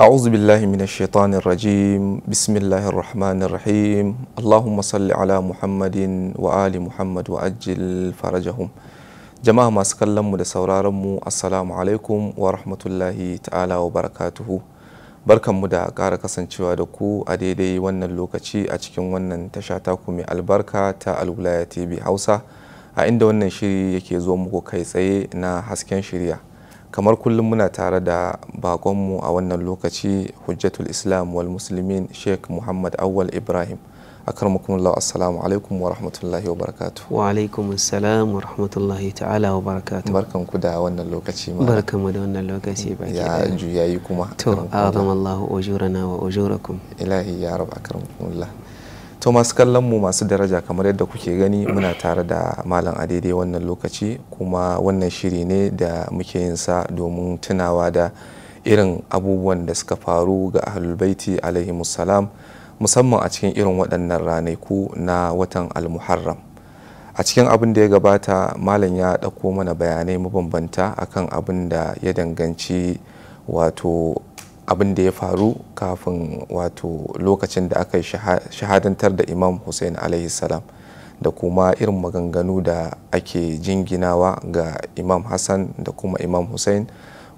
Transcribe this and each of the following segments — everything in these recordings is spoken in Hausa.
أعوذ mina من الشيطان الرجيم بسم الله الرحمن الرحيم اللهم صل على محمد وآل محمد وأجل فرجهم jama'a masu kallon mu da sauraron mu assalamu alaikum wa rahmatullahi ta'ala wa barakatuhu barkanmu da ƙara kasancewa da ku a daidai wannan lokaci a cikin wannan tashata taku albarka ta alwulaya tv hausa a inda wannan shiri yake zo muku kai tsaye na hasken shirya kamar kullum muna tare da bakonmu a wannan lokaci hujjatul islam wal musulmin sheikh muhammad awwal ibrahim akarmakumullah assalamu alaikum wa rahmatullahi wa barakatu wa alaikum assalam wa rahmatullahi ta'ala wa barakatu barkan ku da wannan lokaci ma barkan mu da wannan lokaci baki ya juyayi kuma to azam Allah ujurana wa ujurakum ilahi ya rab akarmakumullah to masu kallon mu masu daraja kamar yadda kuke gani muna tare da malam a daidai wannan lokaci kuma wannan shiri ne da muke yin sa domin tunawa da irin abubuwan da suka faru ga ahlul baiti alaihi musallam musamman a cikin irin waɗannan ranaku na watan almuharram a cikin abin da ya gabata malam ya ɗauko mana bayanai mabambanta akan abin da ya danganci wato abin da ya faru kafin wato lokacin da aka shahadantar da imam hussein alaihi salam da kuma irin maganganu da ake jinginawa ga imam hassan da kuma imam hussein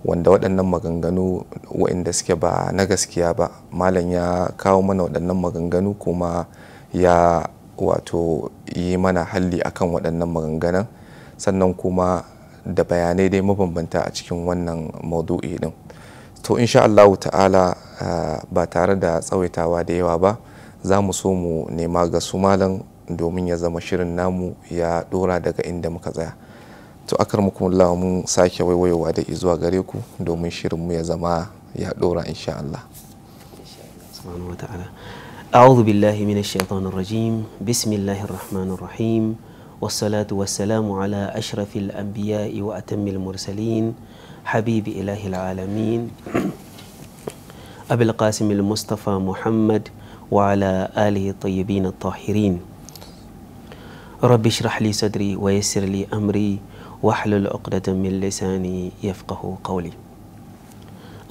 wanda waɗannan maganganu waɗanda suke ba na gaskiya ba malam ya kawo mana waɗannan maganganu kuma ya wato yi mana halli akan waɗannan maganganan sannan kuma da bayanai dai mabambanta a cikin wannan maudu'i din. to insha Allahu ta'ala eh, ba tare da tsawaitawa da yawa ba za mu so mu nema ga su malam domin ya zama shirin namu ya dora daga inda muka tsaya to akar muku mun sake waiwayowa da zuwa gare ku domin shirin mu ya zama ya dora insha Allah subhanahu wataala a'udhu billahi minash shaitanir rajim bismillahir rahmanir والصلاة والسلام على أشرف الأنبياء وأتم المرسلين حبيب إله العالمين أبي القاسم المصطفى محمد وعلى آله الطيبين الطاهرين رب اشرح لي صدري ويسر لي أمري واحلل عقدة من لساني يفقه قولي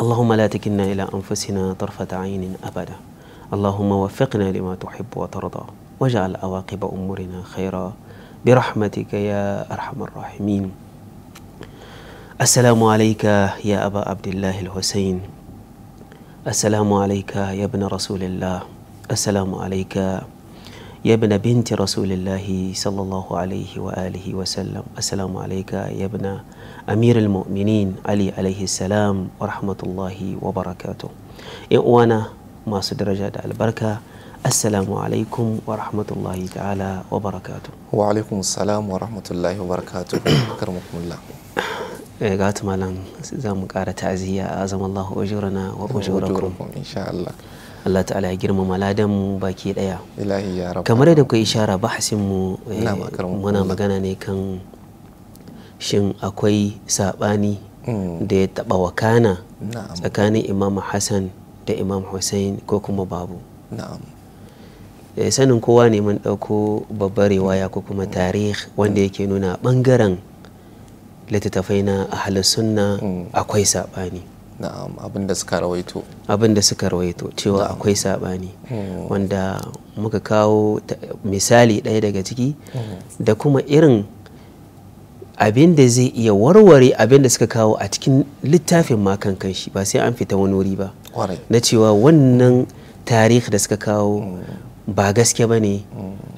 اللهم لا تكلنا إلى أنفسنا طرفة عين أبدا اللهم وفقنا لما تحب وترضى واجعل عواقب أمورنا خيرا برحمتك يا أرحم الراحمين السلام عليك يا أبا عبد الله الحسين السلام عليك يا ابن رسول الله السلام عليك يا ابن بنت رسول الله صلى الله عليه وآله وسلم السلام عليك يا ابن أمير المؤمنين علي عليه السلام ورحمة الله وبركاته إن وانا ما درجة البركة السلام عليكم ورحمة الله تعالى وبركاته وعليكم السلام ورحمة الله وبركاته أكرمكم الله Eh, gatu malam za mu ƙara ta'aziyya a azam Allah ujurana wa ujurakum insha Allah Allah ta'ala ya girmama ladan mu baki daya ilahi ya rabu kamar da kuka ishara bahasin mu eh, muna magana ne kan shin akwai sabani hmm. da ya taba wakana tsakanin Imam Hassan da Imam Hussein ko kuma babu na'am eh, sanin kowa ne mun dauko babbar riwaya ko kuma tarihi wanda yake nuna ɓangaren littattafai na a halin sunna hmm. akwai saɓani na'am abin da suka rawaito abin da suka rawaito cewa akwai saɓani hmm. wanda muka kawo misali ɗaya daga ciki hmm. da kuma irin abin da zai iya warware abin da suka kawo a cikin littafin makan kanshi ba sai an fita wani wuri ba na cewa wannan tarihi da suka kawo ba gaske ba ne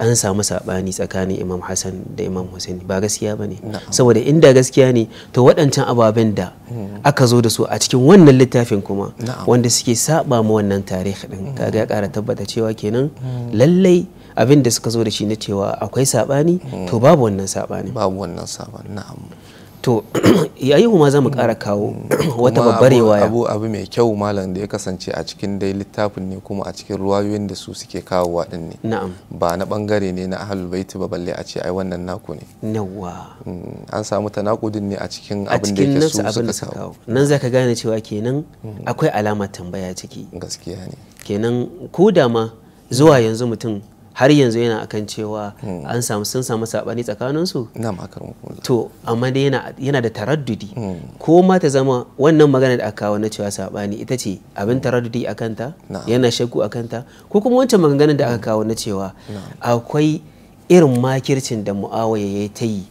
an samu saɓani tsakanin imam hassan da imam hussein ba gaskiya ba ne saboda inda gaskiya ne to waɗancan ababen da hmm. aka zo da su a cikin wannan littafin kuma wanda suke saɓa ma wannan tarihi ɗin hmm. kaga ya ƙara tabbata cewa kenan hmm. lallai abin da suka zo da shi na cewa akwai saɓani to babu wannan saɓani babu wannan saɓani na'am to yayi ma za mu kara kawo wata babbar waya. abu abu mai kyau malam da ya kasance a cikin dai littafin ne kuma a cikin ruwayoyin da su suke kawo din ne na'am ba na bangare ne na ahlul baiti ba balle a ce ai wannan naku ne yawa mm, an samu tanakudin ne a cikin abin da yake su suka kawo nan zaka gane cewa kenan mm. akwai alamar tambaya ciki gaskiya ne kenan ko da ma zuwa yanzu mutum har yanzu yana akan cewa hmm. an samu sun samu sabani tsakaninsu to amma dai yana da taraddudi hmm. ko ma ta zama wannan magana da aka kawo cewa sabani ita ce abin hmm. taraddudi a kanta yana shakku a kanta ko kuma wancan maganganun da aka kawo na cewa akwai irin makircin da mu'awaya ya ta yi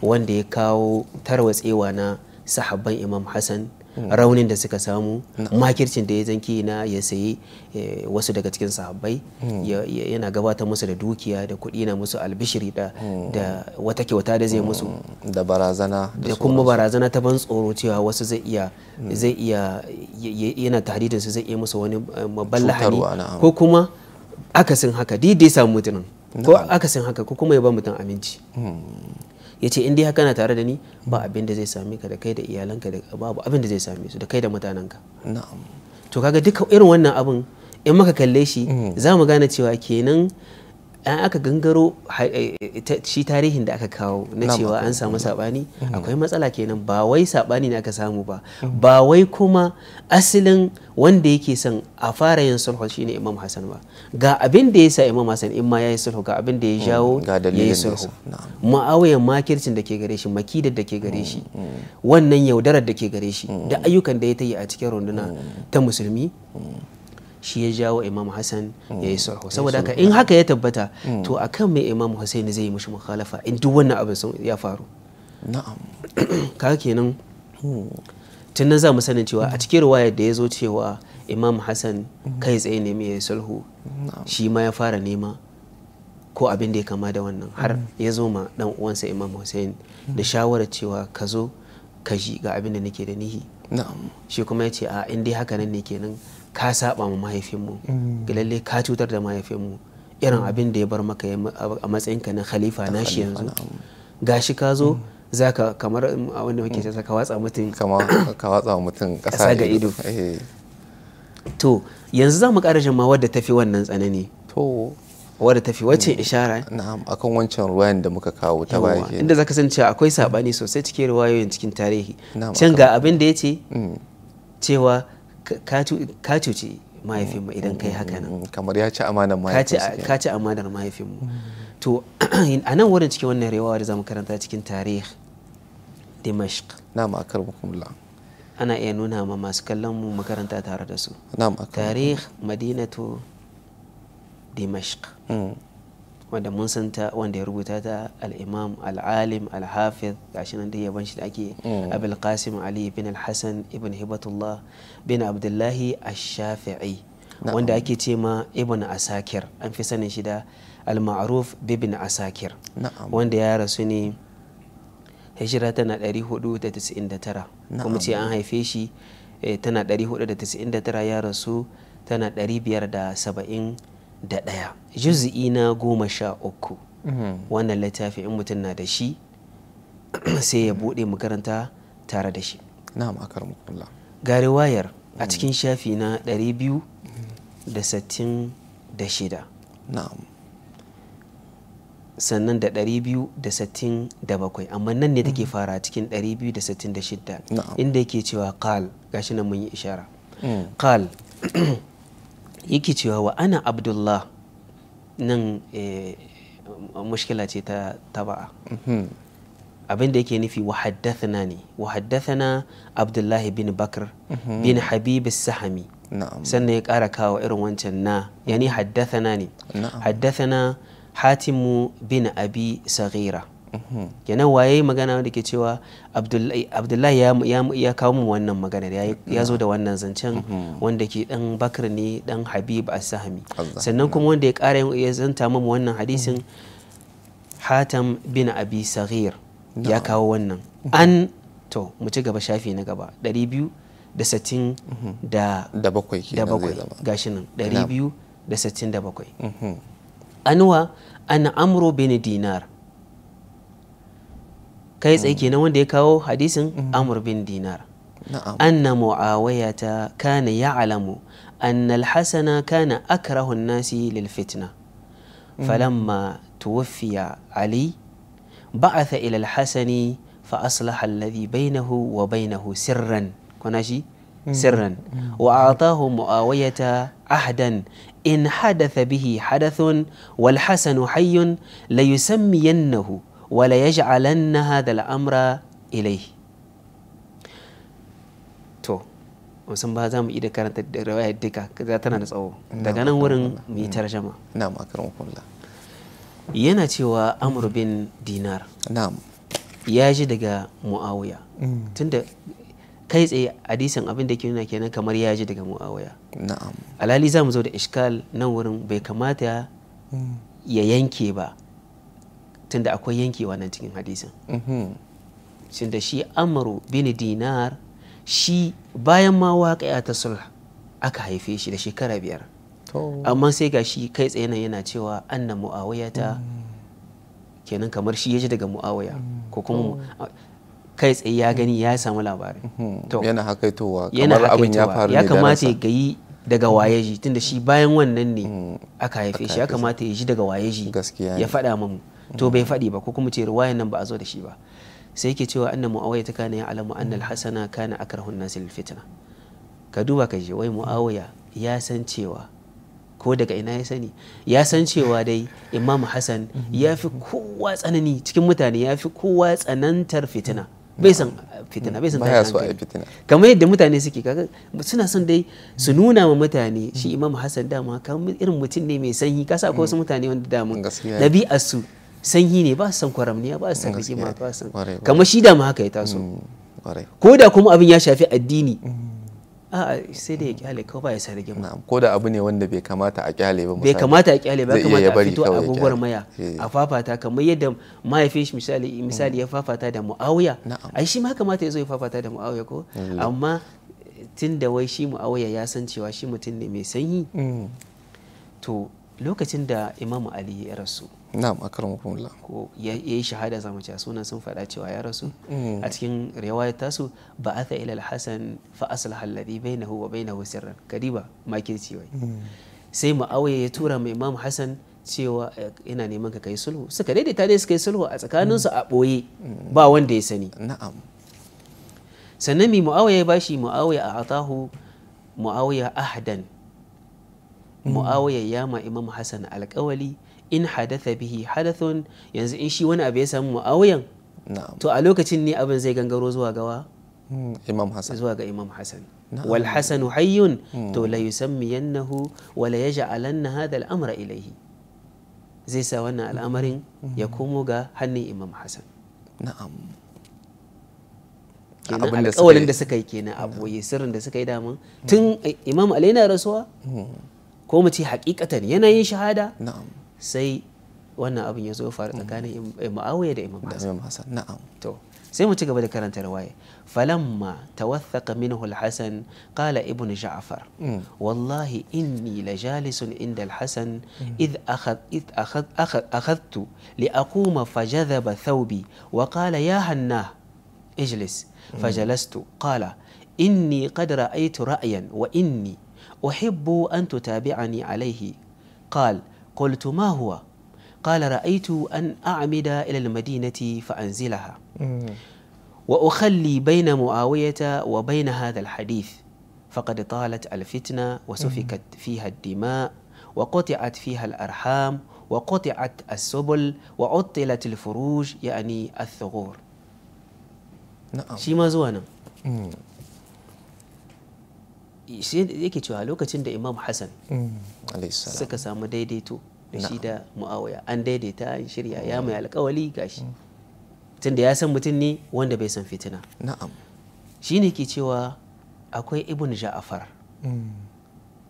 wanda ya kawo tarwatsewa na sahabban imam hassan raunin da suka samu makircin da ya zanki na ya sayi eh, wasu daga cikin sahabbai hmm. yana gabatar musu da dukiya da kuɗi na musu albishiri da hmm. wata kyauta da zai musu hmm. da barazana da kuma barazana ta ban tsoro cewa wasu zai iya zai iya yana tahdidin su zai iya musu wani eh, maballahani ko kuma akasin haka dai samu mutumin ko akasin haka ko kuma ya ba mutum aminci ya ce in dai haka na tare da ni ba abin da zai same ka da kai da iyalanka da babu abin da zai same su da kai da mutanenka na'am to kaga duka irin wannan abin in muka kalle shi mm. za mu gane cewa kenan an aka gangaro eh, eh, shi tarihin da aka kawo na cewa an samu sabani mm-hmm. akwai matsala kenan ba wai sabani ne aka samu ba mm-hmm. ba wai kuma asalin wanda yake son a fara yin sulhu shine imam hassan ba ga abin da ya sa imam hassan in ma ya yi sulhu ga abin da ya jawo mm, ya yi sulhu ma'awiyan makircin da ke gare shi makidar da ke gare mm, shi mm. wannan yaudarar da ke gare shi da ayyukan da ya ta yi a cikin runduna ta musulmi shi ya jawo imam hassan ya yi mm. sulhu saboda haka in haka ya tabbata mm. to a kan mai imam hussein zai yi mishi mukhalafa in duk wannan abin ya faru na'am kaga kenan hmm. tun nan za mu sanin cewa a cikin riwayar da ya zo cewa imam hassan hmm. kai tsaye ne mai sulhu shi ma ya fara nema ko abin da ya kama da wannan har hmm. ya zo ma dan uwansa imam hussein da shawarar cewa ka zo ka ji ga abin da nake da nihi shi kuma ya ce a in dai haka nan ne kenan ka saba ma mahaifinmu mm. lalle ka cutar da mahaifinmu irin abin da ya bar maka a matsayinka na khalifa na shi yanzu gashi ka zo mm. za ka kamar wanda mm, muke cewa ka watsa mutum ka watsa mutum ƙasa ga ido eh. to yanzu za mu ƙara ma wadda tafi wannan tsanani to wadda tafi wacce ishara na'am akan wancan ruwayan da muka kawo ta baya inda zaka san cewa akwai sabani sosai cikin ruwayoyin cikin tarihi can ga abin da yace cewa ka cuci mahaifinmu idan kai haka nan mm, kamar ya ci amanar mahaifinsu ka ci amanar mahaifinmu to a nan wurin cikin wannan rewa da zamu karanta cikin tarih dimashq na'am akarbakumullah ana iya nuna ma masu kallon mu makaranta tare da su na'am akarbakumullah tarih madinatu dimashq mm. wadda mun san ta wanda ya rubuta ta al-imam al-alim al-hafiz gashi nan da yaban shi da ake mm. abul qasim ali bin al-hasan ibn hibatullah bin abdullahi ash-shafi'i wanda ake ce ma ibn asakir an fi sanin shi da al-ma'ruf bibin asakir wanda ya rasu ne hijira tana 499 kuma ce an haife shi eh, tana 499 ya rasu tana 570 da ɗaya juzi'i na goma sha uku wannan littafi in mutum na da shi sai ya buɗe makaranta tare da shi na'am akarmukullah ga riwayar a mm. cikin shafi na ɗari biyu da 266 na'am sannan da ɗari biyu da da bakwai amma nan ne take mm. fara cikin ɗari biyu da da shida inda yake cewa kal gashi nan mun yi ishara kal mm. yake cewa wa ana abdullah nan eh, mushkila ce ta taba'a mhm. abinda yake nufi wa haddathana ne wa haddathana abdullahi bin bakar mhm. bin habib sahami sannan ya kara kawo irin wancan na yani haddathana ne haddathana hatimu bin abi saghira kenan waye magana da ke cewa abdullahi ya kawo mu wannan magana ya zo da wannan zancen wanda ke dan bakar ne dan habib as-sahmi sannan kuma wanda ya kara ya zanta mu wannan hadisin hatam bin abi saghir ya kawo wannan an to mu ci gaba shafi na gaba 200 da sittin da bakwai gashi nan ɗari biyu da sittin da bakwai anuwa mhm. an amro bin dinar kai tsaye kenan wanda ya kawo hadisin amr bin dinar anna muawiyata kana ya'lamu anna al-hasana kana akrahu an-nasi lil fitna falamma tuwfiya ali ba'atha ila al-hasani fa aslaha alladhi baynahu wa baynahu sirran kuna shi سرا وأعطاه معاوية ahdan إن حدث به حدث والحسن حي ليسمينه wala yaj'alanna hadha al'amra ilayhi to musan ba za mu iya karanta da rawayar duka tana da tsawo daga nan wurin mu yi tarjama na'am akramakumullah yana cewa amr bin dinar na'am ya ji daga muawiya tunda kai tsaye hadisin abin da ke nuna kenan kamar ya ji daga muawiya na'am alhali za mu zo da iskal nan wurin bai kamata ya yanke ba tunda akwai yankewa nan cikin hadisin mhm. tunda shi amaru bin dinar shi bayan ma ya ta sulh aka haife shi da shekara biyar amma sai ga shi kai tsaye nan yana cewa anna mu'awaya ta mm. kenan kamar shi ya ji daga mu'awiya mm. ko kuma kai tsaye ya gani ya samu labarin mm-hmm. yana hakaitowa kamar abin ya faru ya kamata ya gayi daga waye ji tunda shi bayan wannan ne mm. aka haife shi ya kamata ya ji daga waye ji ya faɗa mamu to bai faɗi ba ko kuma ce ruwayan nan ba a zo da shi ba sai yake cewa annan muawiya ta kana ya alamu anna alhasana kana akrahun nasi lil fitna ka duba ka je wai muawiya ya san cewa ko daga ina ya sani ya san cewa dai imamu hasan ya fi kowa tsanani cikin mutane ya fi kowa tsanantar fitina bai san uh, fitina bai san tashin fitina kamar yadda mutane suke kaga suna son dai su nuna ma mutane shi imamu hasan dama kamar irin mutum ne mai sanyi kasa ko wasu mutane wanda damun nabi asu sanyi ne ba san kwaramniya ba san rigima ba san kamar shi da ma haka ya taso mm, ko da kuma abin ya shafi addini mm. a'a sai da ya kyale ko ba ya sa rigima ko da abu ne wanda bai kamata a kyale ba bai kamata a kyale ba kamata a fito a gogor maya eh. a fafata kamar yadda mahaifin shi misali misali ya fafata da muawiya ai shi ma kamata ya zo ya fafata da muawiya ko amma tun da wai shi muawiya ya san cewa shi mutum ne mai sanyi mm. to lokacin da imamu ali ya rasu na'am akramakumullah ko ya yi shahada zamu ce sunan sun faɗa cewa ya rasu mm. a cikin riwayar tasu ba'atha ila hasan fa aslaha alladhi bainahu wa bainahu sirran kadiba makirci wai mm. sai muawiya ya tura mai imam hasan cewa eh, ina neman ka kai sulhu suka daidaita ne suka yi sulhu a tsakaninsu a ɓoye mm. ba wanda ya sani na'am sannan mai muawiya ya bashi muawiya a atahu muawiya ahdan Mm. Mu'awiyar ya ma imam Hassan alƙawali in hadatha bihi hadathun yanzu in shi wani abu ya samu muawiyan to a lokacin ne abin zai gangaro zuwa gawa mm, imam Hassan. zuwa ga imam Hassan wal hasanu hayyun mm. to la yusammiyannahu wa la yaj'alanna hadha al amra ilayhi zai sa wannan al'amarin ya komo ga hannun imam Hassan. na'am alƙawalin da suka yi kenan abu sirrin da suka yi daman tun eh, imam ali na rasuwa كوما تي حقيقة ينا يشهادة نعم سي وانا أبن يزو فارق تكاني إما أوي إما إمام حسن نعم تو سي ما تيقى بدك أنت رواية فلما توثق منه الحسن قال ابن جعفر والله إني لجالس عند الحسن إذ أخذ إذ أخذ أخذ أخذت لأقوم فجذب ثوبي وقال يا هناه اجلس فجلست قال إني قد رأيت رأيا وإني احب ان تتابعني عليه قال قلت ما هو قال رايت ان اعمد الى المدينه فانزلها واخلي بين معاويه وبين هذا الحديث فقد طالت الفتنه وسفكت فيها الدماء وقطعت فيها الارحام وقطعت السبل وعطلت الفروج يعني الثغور نعم شي ما زوانا shi yake cewa lokacin da imam hassan suka samu daidaito da shi da mu'awaya an daidaita an shirya ya mm. mai alkawali gashi mm. tunda ya san mutum ne wanda bai san fitina na'am shi ne ke cewa akwai ibn ja'afar mm.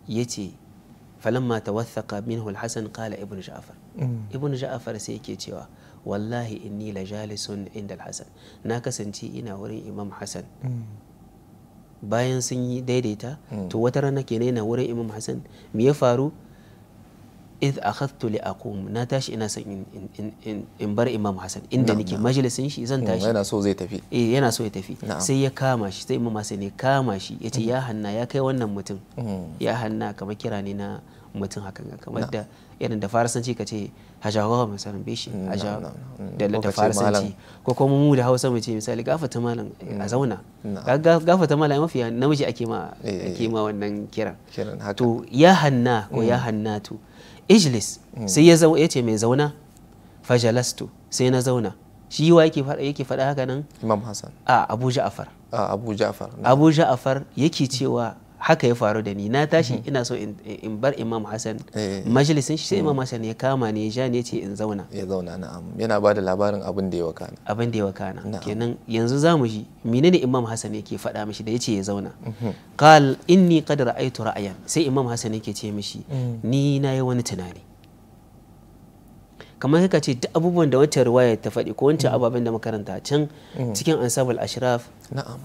ya ce falamma tawathaka minhu al-hasan ibn ja'afar ibn ja'afar sai yake cewa wallahi inni la jalisun inda Hassan. na kasance ina wurin imam Hassan. bayan sun yi daidaita hmm. to wata rana ke na wurin imam hassan me ya faru id akhadtu li aqum na tashi ina son in bar imam hassan inda nake majalisin shi zan hmm, tashi yana so zai tafi eh yana so ya tafi sai ya kama shi sai imam hassan ya kama shi yace hmm. ya hanna ya kai wannan mutum ya hanna kamar kira ne na mutum hakan kamar da irin da farasanci ce. hajjawa mu san bishi hajjawa mm, mm, da farisanci ko kuma mu da hausa mu misali gafata malam a mm, zauna gafata malam mafi namiji ake ma eh, eh, ake eh. ma wannan kiran to ya hanna ko ya hanna to ijlis sai ya zama yace mai zauna fajalastu sai na zauna shi wa yake faɗa yake fada haka nan imam hasan a abu ja'far a abu ja'far abu ja'far yake cewa haka ya faru da ni na tashi mhm. ina so in bar imam hassan eh. majalisin shi sai mm. imam hassan ya kama ne ja ne ce in zauna ya zauna na'am yana ba da labarin abin da ya wakana abin da ya wakana kenan yanzu za mu ji menene imam hassan yake faɗa mishi da ya ce ya zauna mhm. qal inni qad ra'aytu ra'ayan sai imam hassan yake ce mishi mm. ni na yi wani tunani kamar kaka ce duk abubuwan da wancan riwaya ta faɗi ko wancan mm. ababen da makaranta can mm. cikin ansabul ashraf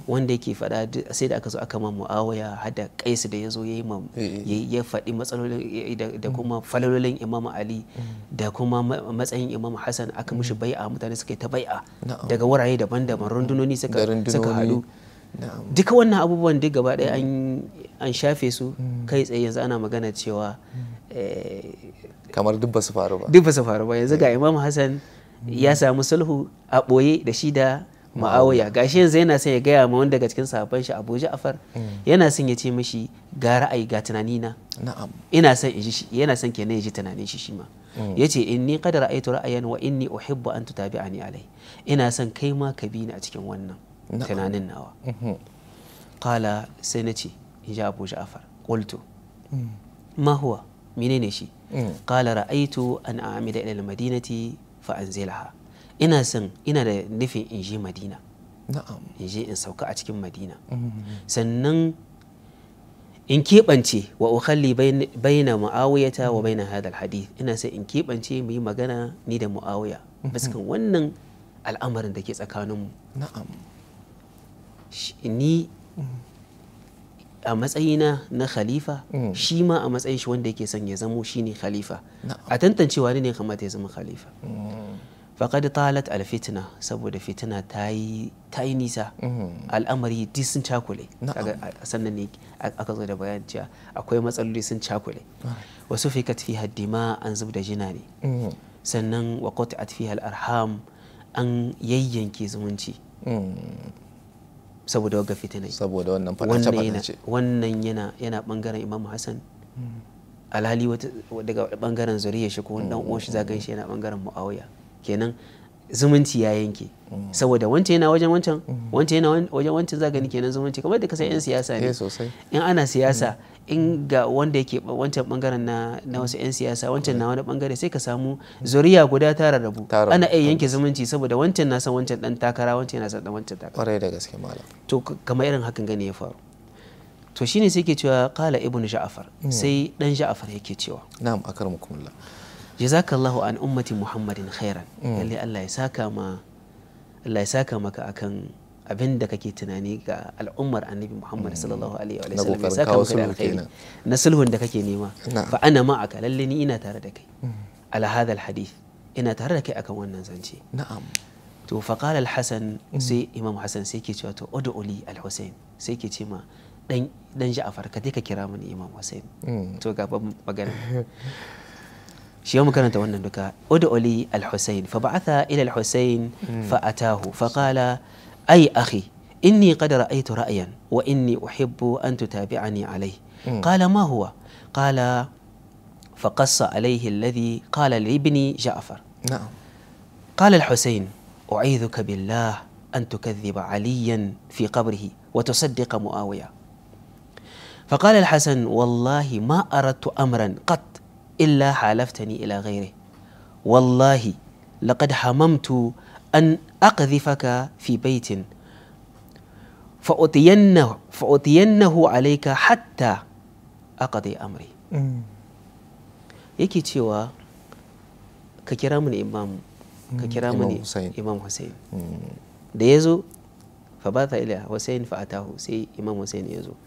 wanda yake faɗa sai da aka zo aka ma muawiya hada kaisu da ya zo ya eh, eh, eh. ya faɗi matsalolin da kuma mm. falalolin imam ali da kuma matsayin imam hassan aka mishi bai'a mutane suka yi ta bai'a daga wurare daban-daban rundunoni suka haɗu duka wannan abubuwan duk gaba ɗaya an shafe su kai tsaye yanzu ana magana cewa kamar duk ba su faru ba duk faru ba yanzu ga eh. imam hassan ya samu sulhu a ɓoye da shi da ma'awuya gashi yanzu yana son ya gaya ma wanda daga cikin sahabban shi abu ja'far hmm. yana son ya ce mishi ga ra'ayi ga tunani na ina son in ji yana son kenan ya ji tunanin shi shi ma hmm. yace inni qad ra'aytu ra'ayan wa inni uhibbu an tutabi'ani alai ina son kai ma ka bi ni a cikin wannan tunanin nawa kala mhm. sai nace ce in ji abu ja'far qultu hmm. ma huwa menene shi Mm. qala ra'aitu an amida ila madinati fa anzilaha ina son ina da nufin in je madina in in sauka a cikin madina mm, mm, sannan in keɓance wa ukhalli baina mu'awiyata wa baina hadal hadith ina sai in keɓance muyi magana ni da mu'awiya biskan wannan al'amarin da ke tsakaninmu na'am ni a matsayina na khalifa mm. shi ma a matsayin shi wanda yake son ya zamo shine khalifa a tantancewa ne kamata ya zama khalifa mm. faƙad talat alfitina saboda fitina ta yi nisa mm. al'amari duk sun cakule sannan ne aka zo da bayan cewa akwai matsaloli sun cakule wasu fi katfi haddima an zub da jina ne sannan wa kotu fiha al'arham arham an yayyanke zumunci saboda waga fitina saboda wannan ce. wannan yana yana bangaren Imam Hassan alhali daga bangaren zuriya shi ko wani dan uwan shi zagan shi yana bangaren Muawiya kenan zumunci ya yanke mm. saboda wancan yana wajen wancan mm. wancan yana wajen wancan za gani kenan zumunci kamar da kasan yan siyasa ne eh, in ana mm. siyasa in ga wanda yake wancan bangaren na na wasu yan siyasa wancan na wani bangare sai ka samu zuriya guda tara rabu ana iya yanke zumunci saboda wancan na san wancan dan takara wancan yana san dan wancan takara kwarai da gaske malam to kamar irin hakan gani ya faru to shine sai ke cewa qala ibnu ja'far sai dan ja'far yake cewa na'am akarmukumullah jazakallahu an ummati muhammadin khairan mm. lalle Allah ya saka ma Allah ya saka maka akan abin da kake tunani ga al'ummar annabi muhammad mm. sallallahu alaihi wa sallam ya saka maka da alkhairi na sulhun da kake nema fa ana ma'aka lalle ni ina tare da kai mm. ala hadha alhadith ina tare da kai akan wannan zance na'am to fa qala alhasan sai imam hasan sai ke cewa to ud'uli alhusain sai ke ce ma dan dan ja'far ka je ka kira mini imam husain to ga magana شيء يوم كان تونا لك ادعو لي الحسين فبعث الى الحسين فاتاه فقال اي اخي اني قد رايت رايا واني احب ان تتابعني عليه قال ما هو قال فقص عليه الذي قال لابني جعفر نعم قال الحسين اعيذك بالله ان تكذب عليا في قبره وتصدق معاويه فقال الحسن والله ما اردت امرا قط illa halaftani ila ghairi wallahi laqad hamamtu an aqdhifaka fi baitin fa'utiyannahu fa'utiyannahu alayka hatta aqdi amri mm. yake cewa ka kira mu imam ka mm. kira mu imam Hussein mm. da yazo fa bata ila Hussein fa atahu sai imam Hussein yazo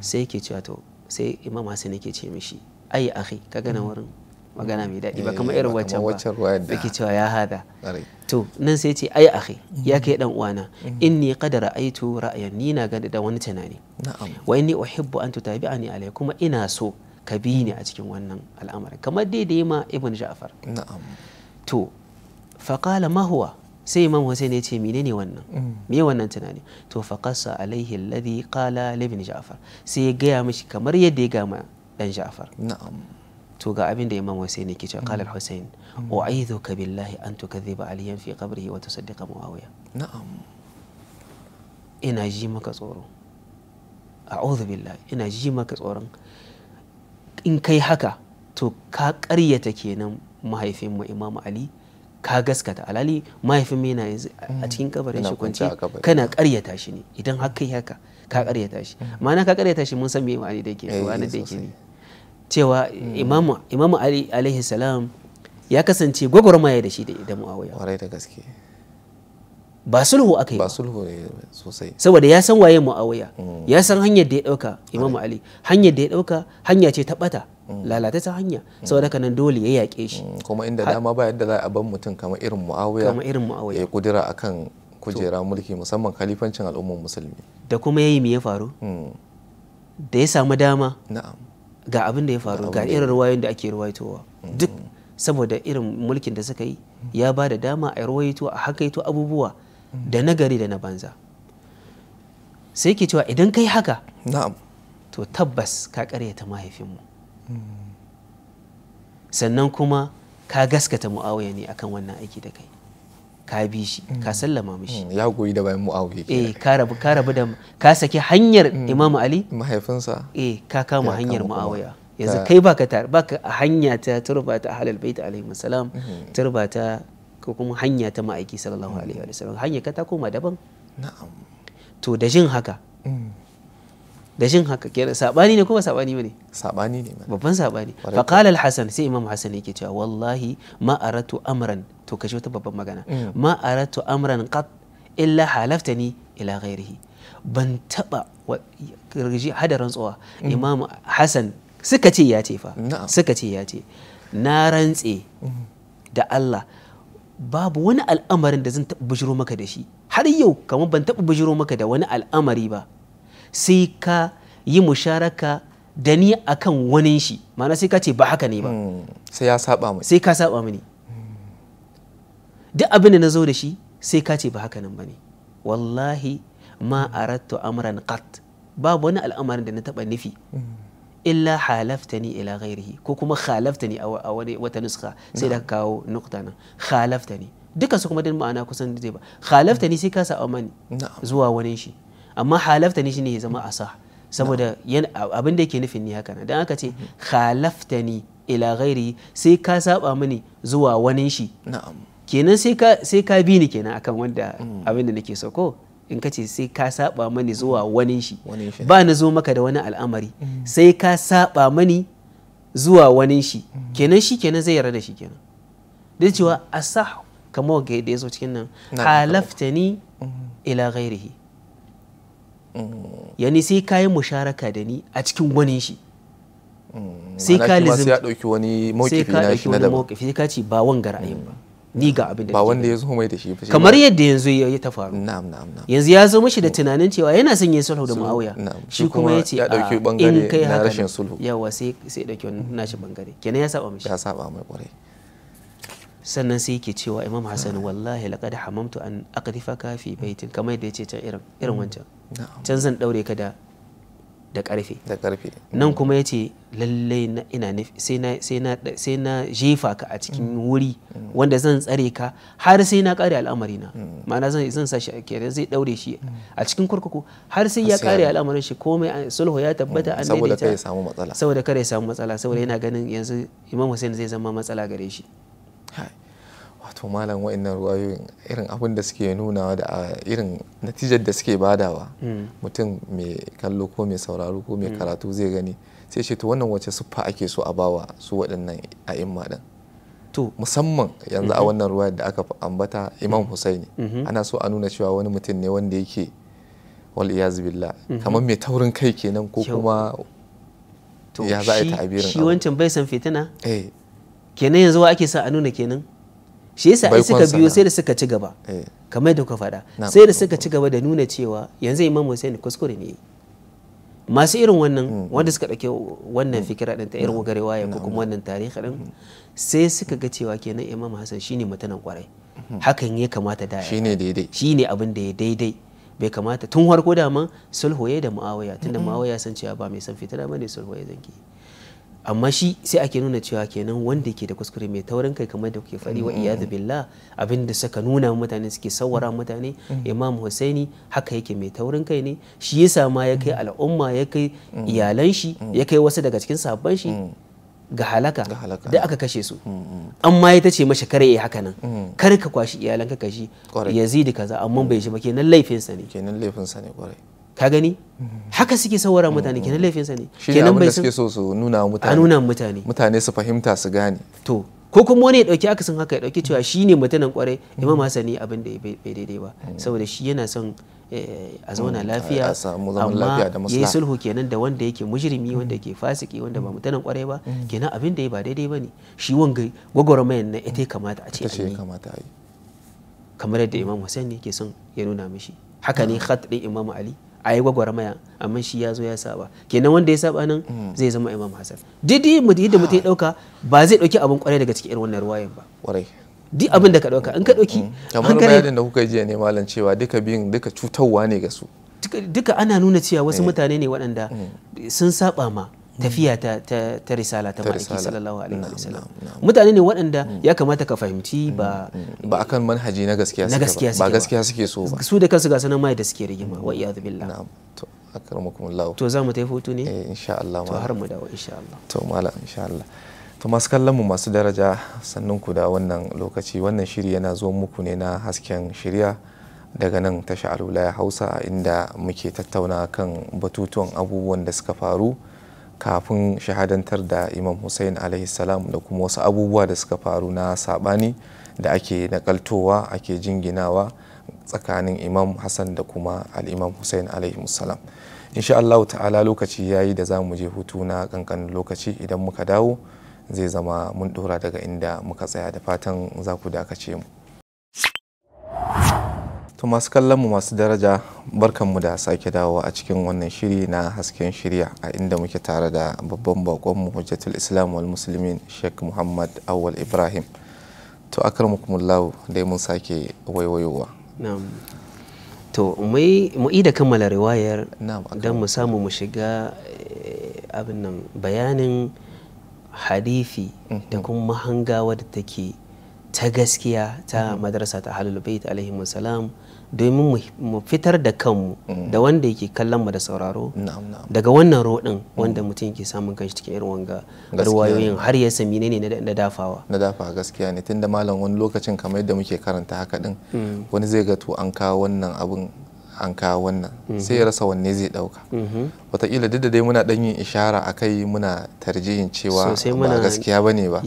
sai yake cewa sai imam Hussein yake ce mishi ai akhi kaga nan mm. wurin magana mai daɗi ba eh, kamar irin wacce ba yake cewa ya hada to nan sai ce ai akhi ya mm. kai dan uwana mm. inni qad ra'aytu ra'yan ni na gani da wani tunani wa inni uhibbu an tutabi'ani alayhi kuma ina so ka bi ni a cikin wannan al'amarin kamar dai da ma ibn ja'far to qala ma huwa sai imam hussein ya ce menene wannan me wannan tunani to faqassa alaihi alladhi qala li ibn ja'far sai ya gaya mishi kamar yadda ya gama ɗan Ja'far na'am to ga abin da Imam Hussein yake cewa qala al-Hussein mm. u'idhuka billahi an tukadhiba aliyan fi qabrihi wa tusaddiqa Muawiya na'am ina ji maka tsoro a'udhu billahi ina ji maka tsoron in kai haka to ka ƙaryata kenan mahaifinmu Imam Ali ka gaskata alali mahaifin yana yanzu a mm. cikin kabarin shi kwanci kana karyata shi ne idan haka kai haka ka karyata shi mm. ma'ana ka karyata shi mun san me ma'ani da yake eh, ana da yake cewa mm. imamu imamu ali alaihi salam ya kasance gwagwarmaya da shi da muawiya kwarai da gaske ba sulhu aka yi ba sulhu ne sosai saboda ya san waye muawiya mm. ya san hanyar da ya dauka imamu ali hanyar da ya dauka hanya ce ta bata lalata ta hanya saboda haka nan dole ya yaƙe shi kuma inda dama ba yadda za a ban mutum kamar irin muawiya kamar irin muawiya ya kudura akan kujera mulki musamman khalifancin al'ummar musulmi da kuma yayi me ya faru hmm. da ya samu dama ga abin da ya faru ga irin ruwayoyin da ake ruwaitowa hmm. duk saboda irin mulkin da suka yi ya ba da dama a ruwaito a hakaito abubuwa hmm. da nagari da na banza sai ke cewa idan kai haka to tabbas ka karyata mahaifinmu sannan kuma ka gaskata mu'awiya ne akan wannan aiki da kai ka bi shi mm. ka sallama mishi mm, ya goyi da bayan muawiya eh ka rabu ka rabu da ka saki hanyar mm. imamu ali mahaifinsa eh ka kama hanyar muawiya yanzu kai baka ta baka hanya ta turba ta ahlul bait alaihi salam turba ta ko kuma hanya ta ma'aiki sallallahu alaihi wasallam hanya ka ta koma daban na'am to da jin haka da shin haka kenan sabani ne ko ba sabani bane sabani ne babban sabani fa qala al-hasan sai imam hasan yake cewa wallahi ma aratu amran to kashi wata babban magana mm. ma aratu amran qat illa halaftani ila ghairihi ban taba kirji hada rantsuwa mm. imam hasan suka ce ya ce fa suka ce ya ce na rantse mm. da Allah babu wani al'amarin da zan taɓa bijiro maka da shi har yau kamar ban taɓa bijiro maka da wani al'amari ba sai ka yi musharaka da ni akan wani shi ma'ana sai ka ce ba haka ne ba hmm, sai ya saba mini sai ka saba mini duk abin da na zo da shi sai ka ce ba haka nan ba ne wallahi ma arattu amran qat babu wani al'amarin da na taba nufi hmm. illa halaftani ila ghairihi ko kuma khalaftani a wani wata nuska sai da kawo nukta nan khalaftani duka su kuma din ma'ana kusan da ba khalaftani sai ka saba mani zuwa wani shi amma halafta ne shine ya zama asah saboda abin da yake nufin ni haka dan aka ce halafta ni ila ghairi sai ka saba mini zuwa wani shi kenan sai ka bi ni kenan akan wanda abin da nake so ko in ka ce sai ka saba mani zuwa wani shi ba na zo maka da wani al'amari sai ka saba mani zuwa wani shi kenan shi kenan zai yarda shi kenan da cewa asah kamar ga da ya zo cikin nan halaftani mm-hmm. ila ghairihi yani sai ka yi musharaka da ni a cikin wani shi mm. sai ka lizim sai ɗauki wani mawkifi na shi na daban sai ka ce ba wanga ra'ayin ba mm. ni ga abin da ba wanda ya zo mai da shi kamar yadda yanzu ya ta faru na'am na'am yanzu ya zo mishi da mm. tunanin cewa yana son yin sulhu da Muawiya shi kuma ya ce ah, in kai haka na rashin sulhu yawa sai sai dauki wannan nashi bangare kenan ya saba mishi ya saba mai kwarai sannan sai yake cewa Imam Hassan wallahi laqad hamamtu an aqdifaka fi baitin kamar yadda ya ce ta irin irin wancan can zan daure ka da da karfe da karfe nan kuma yace lalle ina sai na sai na sai na jefa ka a cikin mm. wuri mm. wanda zan tsare ka har sai na kare al'amari na mm. ma'ana zan zan sa shi kere zai daure shi a cikin kurkuku har sai ya kare al'amarin shi komai sulhu ya tabbata an saboda kai samu matsala saboda kare samu matsala saboda yana ganin yanzu Imam Hussein zai zama matsala gare shi wato ah, malam wa'annan ruwayoyin irin abin da suke nunawa da ah, irin natijar da suke badawa hmm. mutum mai kallo ko mai sauraro ko mai hmm. karatu zai gani sai ce to wannan wace siffa ake so a bawa su waɗannan a'imma din to musamman yanzu a hmm. wannan ruwayar da aka ambata imam husaini ana so a nuna cewa wani mutum ne wanda yake wal iyaz billah kamar mai taurin kai kenan ko kuma ya za a yi ta'abirin shi wancan bai san fitina eh. kenan yanzu wa ake sa a nuna kenan shi yasa ai suka biyo sai da suka ci gaba eh. kamar da kuka faɗa sai da suka ci gaba da nuna cewa yanzu imam Hussein kuskure ne masu irin wannan mm, mm. wanda suka ɗauke wannan mm. fikira ɗin ta irin wagarewa ya kuma wannan tarihi ɗin sai suka ga cewa kenan imam Hassan shine mutanen kwarai hakan ya kamata da shine daidai shine abin da ya daidai bai kamata tun da dama sulhu da muawiya tunda muawiya san cewa ba mai san fitina bane sulhu ya zanki amma shi sai ake nuna cewa kenan wanda ke da kuskure mai taurin kai kamar da kuke faɗi wa mm-hmm. iyadu billah abinda saka nuna mutane suke sawara mutane mm-hmm. imam husaini haka yake mai taurin kai ne shi yasa ma ya kai mm-hmm. al'umma ya kai iyalan shi ya kai wasu daga cikin sabban shi ga halaka da aka kashe su amma ya tace mashi kare ya haka nan kar ka kwashi iyalan ka kashi yazidi kaza amma bai shi ba kenan laifinsa ne kenan laifinsa ne kwarai ka gani mm. haka suke saurara mm, mutane mm. kenan laifinsa ne kenan bai suke so su nuna mutane a nuna mutane mutane su fahimta su gane to ko kuma wani ya dauki akasin haka ya dauki cewa shine mutanen kwarai imam hasani abin da bai daidai ba saboda shi yana son eh, a zauna lafiya amma ya yi sulhu kenan da wanda yake mujrimi wanda yake fasiki wanda ba mutanen kwarai ba kenan abin da ya ba daidai ba ne shi wanga gwagwarmayan na ita kamata a ce a yi kamar yadda imam hussein ne ke son ya nuna mishi haka ne khat imam ali a yi gwagwarmaya amma shi ya zo ya saba kenan wanda ya saba nan zai zama imam hasan didi yadda mutum ya dauka ba zai dauki abin kwarai daga cikin irin wannan ruwayan ba di abin da ka dauka in ka dauki mm. kamar bayanin da kuka jiya ne malam cewa duka biyun duka cutarwa ne ga su duka ana nuna cewa wasu eh. mutane ne waɗanda mm. sun saba ma tafiya ta risala ta maliki sallallahu alaihi wasallam mutane ne waɗanda mm. ya kamata ka fahimci mm, ba mm, ba akan manhaji na gaskiya gaskiya ba gaskiya suke so ba su da kansu ga sanan mai da suke rigima wa iyad billah to akramakum Allah to za mu tafi hoto ne eh insha Allah to har mu dawo insha Allah to malam insha Allah to masu kallon mu masu daraja sannan ku da wannan lokaci wannan shiri yana zo muku ne na hasken shirya daga nan tasha alulaya hausa inda muke tattauna kan batutuwan abubuwan da suka faru kafin shahadantar da imam hussein salam da kuma wasu abubuwa da suka faru na sabani da ake nakaltowa ake jinginawa tsakanin imam hassan da kuma al'imam hussein salam insha Allah ta'ala lokaci ya yi da za mu je hutu na kankanin lokaci idan muka dawo zai zama mun dora daga inda muka tsaya da fatan za ku dakace mu To masu kallon mu masu daraja barkanmu da sake dawo a cikin wannan shiri na hasken shirya a inda muke tare da babban mu hujjatul islam wal musulmin sheikh muhammad awal ibrahim to akramakumullahu dai mun sake waiwayowa to mu yi da kammala riwayar don mu samu mu shiga eh, abin nan bayanin hadisi mhm. da kuma hangawa da take ta gaskiya ta mhm. madrasa ta halul bait alaihi salam domin mu fitar da kanmu mm. da wanda yake kallon mu da sauraro daga wannan roɗin wanda mm. mutum ke samun kanshi cikin irin wanga ruwayoyin har ya sami ne na dafawa na dafa gaskiya ne tunda malam wani lokacin kamar yadda muke karanta haka din mm. wani zai ga to an kawo wannan abin an kawo wannan mhm. sai ya rasa wanne zai dauka mhm. wataƙila duk da dai muna dan yin ishara akai muna tarjihin cewa ba gaskiya ba ne ba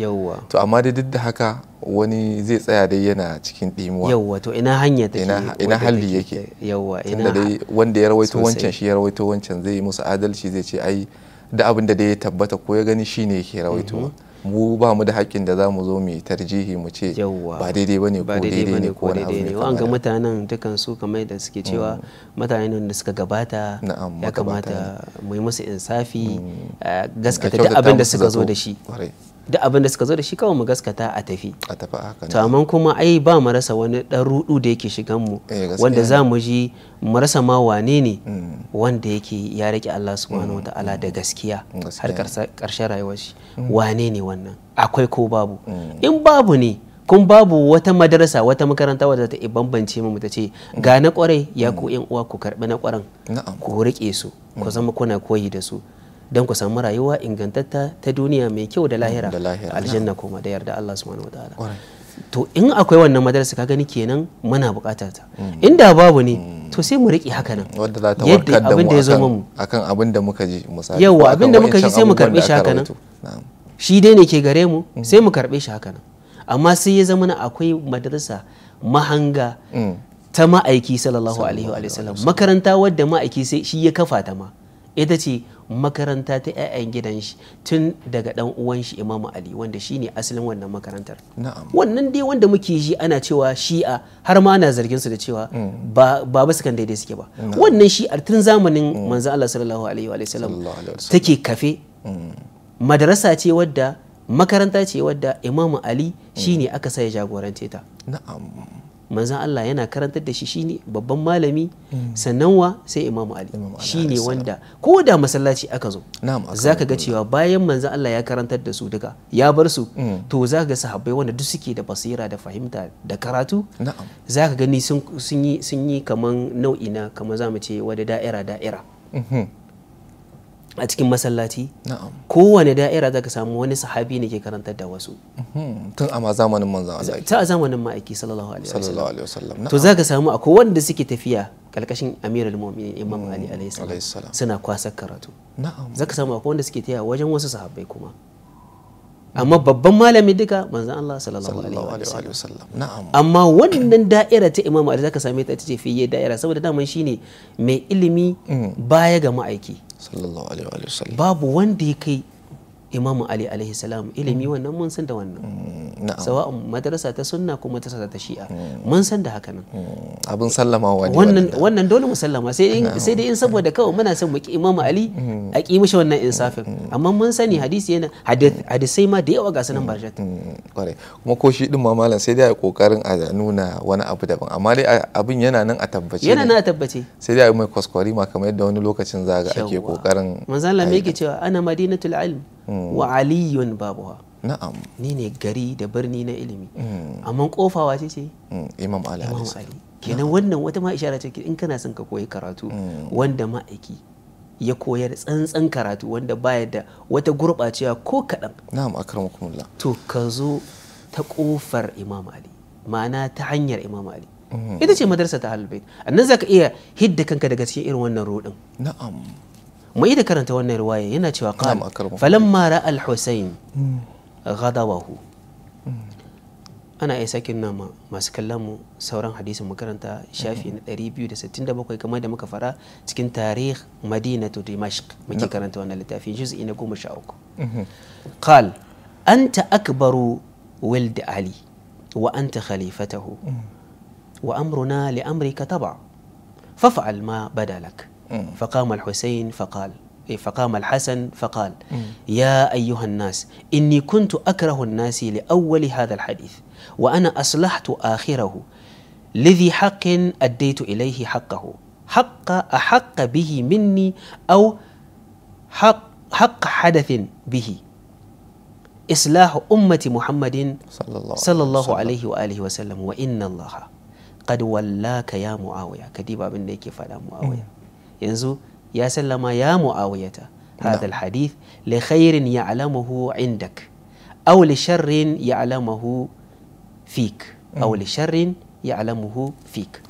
to amma dai duk da haka wani zai tsaya dai yana cikin ɗimuwa yawwa to ina hanya take ina halli yake yawwa ina dai wanda ya rawaito wancan shi ya rawaito wancan zai yi musu adalci zai ce ai da abin da dai ya tabbata ko ya gani shine yake rawaitowa mhm. mu ba mu da hakkin da za mu zo mu tarjihi mu ce ba daidai ba ne ko daidai ne ko daidai ne an ga mutanen dukan su kamar da suke cewa mm. mutanen da suka gabata ya kamata mu yi musu insafi mm. eh, gaskata duk abin da suka zo da shi duk abin da suka zo da shi kawai mu gaskata a tafi a tafi haka to amma kuma ai ba mu rasa wani dan rudu da yake shigan mu eh, wanda za mu ji mu rasa ma wane ne mm. wanda yake ya rike Allah subhanahu mm. wataala da mm. gaskiya har karshen rayuwar shi wane ne wannan akwai ko babu in babu ne kun babu wata madarasa wata makaranta wadda ta bambance mu ta ce ga na kwarai ya ku yan uwa ku karbi na kwarin ku rike su ku zama kuna koyi da su don ku samu rayuwa ingantatta ta duniya mai kyau da lahira aljanna kuma da yarda Allah subhanahu wataala to in akwai wannan madarasa ka gani kenan muna buƙatar ta mm. inda babu ne mm. to sai mu riƙe haka nan yadda abin da ya zo mu akan abin da muka ji misali yawa abin da muka ji sai mu karbe shi haka nan shi dai ne ke gare mu mm. sai mu karbe shi haka nan amma sai ya zama akwai madarasa mahanga ta ma'aiki sallallahu alaihi wa sallam makaranta wadda ma'aiki sai shi ya kafa ta ma ita ce makaranta ta 'ya'yan gidan shi tun daga dan uwan shi imamu ali wanda shine asalin wannan makarantar wannan dai wanda muke ji ana cewa shi'a har ma na zargin su da cewa mm. ba ba su kan daidai suke ba wannan shi'ar tun zamanin mm. manzo Allah sallallahu alaihi wa sallam take kafe mm. madarasa ce wadda makaranta ce wadda imamu ali shi ne aka sa ya jagorance ta manzan Allah yana karantar da shi shine babban malami sannan wa sai imamu ali shine wanda ko da masallaci aka zo zaka ga cewa bayan manzan Allah ya karantar da su duka ya bar su mm. to zaka ga sahabbai wanda duk suke da basira da fahimta da karatu zaka gani sun yi kaman nau'i na kamar zamu ce wani da'ira da'ira mhm. a cikin masallaci kowane da'ira ka samu wani sahabi ne ke karantar da wasu mhm. tun a zamanin manzon zaki. ta a zamanin ma'aiki sallallahu alaihi wasallam to za ka samu akwai wanda suke tafiya kalkashin al mu'minin imam mm, ali alaihi salam suna kwasa karatu za ka samu akwai wanda suke tafiya wajen wasu sahabbai kuma amma babban malami duka manzon Allah sallallahu alaihi wa sallam na'am amma wannan da'ira ta imamu Ali zaka same ta ta ce fiye da'ira saboda daman shine mai ilimi mm. baya ga ma'aiki sallallahu alaihi sallam babu wanda ya kai imamu ali alaihi salam ilimi mm. wannan mun san da wannan mm, sawa'un madrasa ta sunna ko madrasa ta shi'a mm. mun san da haka nan abin sallama ne wannan wannan dole mu sallama sai dai in saboda kawai muna son mu ki imamu ali a ki mishi wannan insafin amma mun sani hadisi yana hadisai ma da yawa ga sunan barjat kware kuma ko shi din ma malam sai dai a kokarin a nuna wani abu daban amma dai abin yana nan a tabbace yana nan a tabbace sai dai a mai kwaskwari ma kamar yadda wani lokacin zaga ake kokarin manzo Allah me yake cewa ana madinatul ilm Hmm. wa aliyun babuwa. na'am ni ne gari da birni na ilimi hmm. amma kofa wace ce hmm. imam ali kenan wannan wata ma ishara ce in kana son ka koyi karatu wanda ma'aiki ya koyar tsantsan karatu wanda baya da wata gurɓacewa ko kaɗan na'am akramakumullah to ka zo ta kofar imam ali ma'ana ta hanyar imam ali ita ce madarsa ta halbait annan zaka iya hidda kanka daga cikin irin wannan rodin na'am mu yi da karanta wannan riwaya yana cewa qal falamma ra'a al-husayn mm. ghadawahu mm. ana iya sakin nama masu kallon mu sauran hadisin makaranta shafi na 267 kamar da muka fara cikin tarih madinatu dimashq muke karanta wannan littafi juz'i na 13 mm-hmm. qal anta akbaru wild ali wa anta khalifatahu mm. wa amruna li amrika taba fa'al ma badalak فقام الحسين فقال إيه، فقام الحسن فقال يا أيها الناس إني كنت أكره الناس لأول هذا الحديث وأنا أصلحت آخره لذي حق أديت إليه حقه حق أحق به مني أو حق, حق حدث به إصلاح أمة محمد صلى الله, صلى الله عليه وآله وسلم وإن الله قد ولاك يا معاوية كديب أبن ديكي فلا معاوية yanzu ya sallama ya mu'awiyata hadal hadith li khairin ya'lamuhu indak aw li sharrin ya'lamuhu fik aw li mm. sharrin ya'lamuhu fik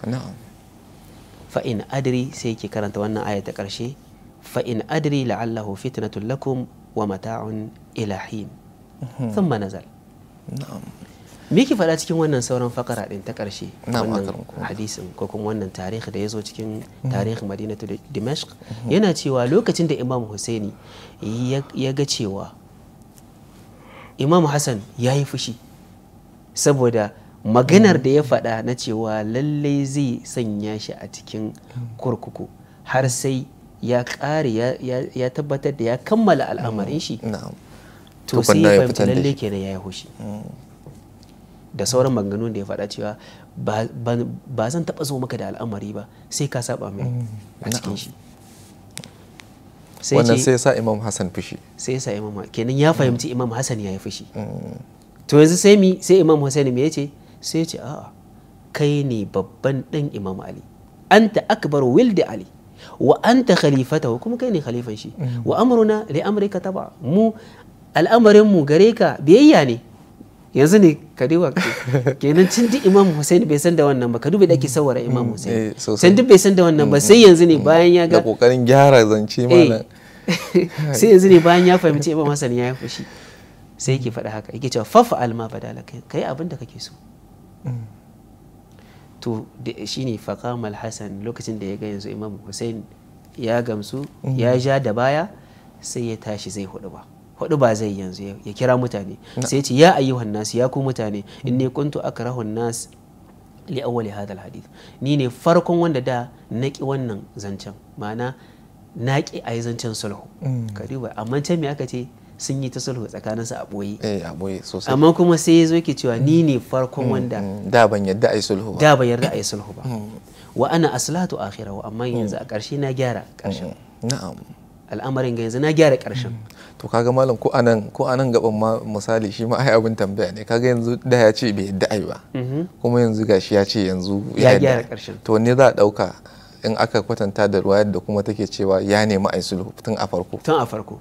fa in adri sai ki karanta wannan aya ta karshe fa in adri la'allahu fitnatun lakum wa mata'un ila hin mhm. thumma nazal na'am me fada faɗa cikin wannan sauran fakara ɗin ta ƙarshe wannan hadisin ko kuma wannan tarihi da ya zo cikin mhm. tarihin madinatu da dimashq mhm. yana cewa lokacin da imam husaini ya ga cewa imam hassan ya yi fushi saboda maganar da ya mhm. faɗa na cewa lallai zai sanya shi a cikin kurkuku har sai ya ƙare ya tabbatar da ya kammala al'amarin shi to sai ya fahimta lallai kenan ya yi hushi da sauran maganganun da ya faɗa cewa ba zan taɓa zo maka da al'amari ba sai ka saba mai mm, a cikin shi wannan sai sa imam hassan fushi sai sa imam kenan ya fahimci imam hassan ya yi fushi mm. to yanzu sai mi sai imam hassan me yace sai ce a'a kai ne babban ɗan imam ali anta akbar wildi ali wa anta khalifatahu kuma kai ne khalifan shi mm. wa amruna li amrika taba mu al'amarin mu gare ka biyayya ne yanzu ne ka duba kenan tun duk imam hussein bai san da wannan ba ka duba da ake sawara imam mm, hussein can eh, duk bai san da wannan ba mm, sai mm, yanzu ne bayan ya ga kokarin gyara zance eh. mana. sai yanzu ne bayan ya fahimci imam hassan ya yi fushi sai yake faɗa haka yake cewa fafa alma badala kai abin da kake so to shine faqamal hasan lokacin da ya ga yanzu imam hussein ya gamsu ya ja da baya sai ya tashi zai huɗu ba hudu ba zai yanzu ya kira mutane sai ce ya ayi nas ya ku mutane ne kuntu akrahu nas li awwali hada al hadith ni ne farkon wanda da naki wannan zancen ma'ana naki ayi zancen sulhu mm. kariba amma can me aka ce sun yi ta sulhu tsakanin su a boye eh a boye sosai amma kuma sai yazo yake cewa ni ne farkon mm, wanda mm, da ban yarda ayi sulhu ba da ban yarda ayi sulhu ba wa ana aslatu akhirahu amma yanzu a karshe na gyara karshen na'am al'amarin ga yanzu na gyara karshen to kaga malam ko anan ko anan gaban ma misali shi ma ai abin tambaya ne kaga yanzu da ya ce bai yadda ai ba mm-hmm. kuma yanzu gashi ya ce yanzu ya gyara karshen to ne za a dauka in aka kwatanta da ruwayar da kuma take cewa ya nemi ai sulhu tun a farko tun a farko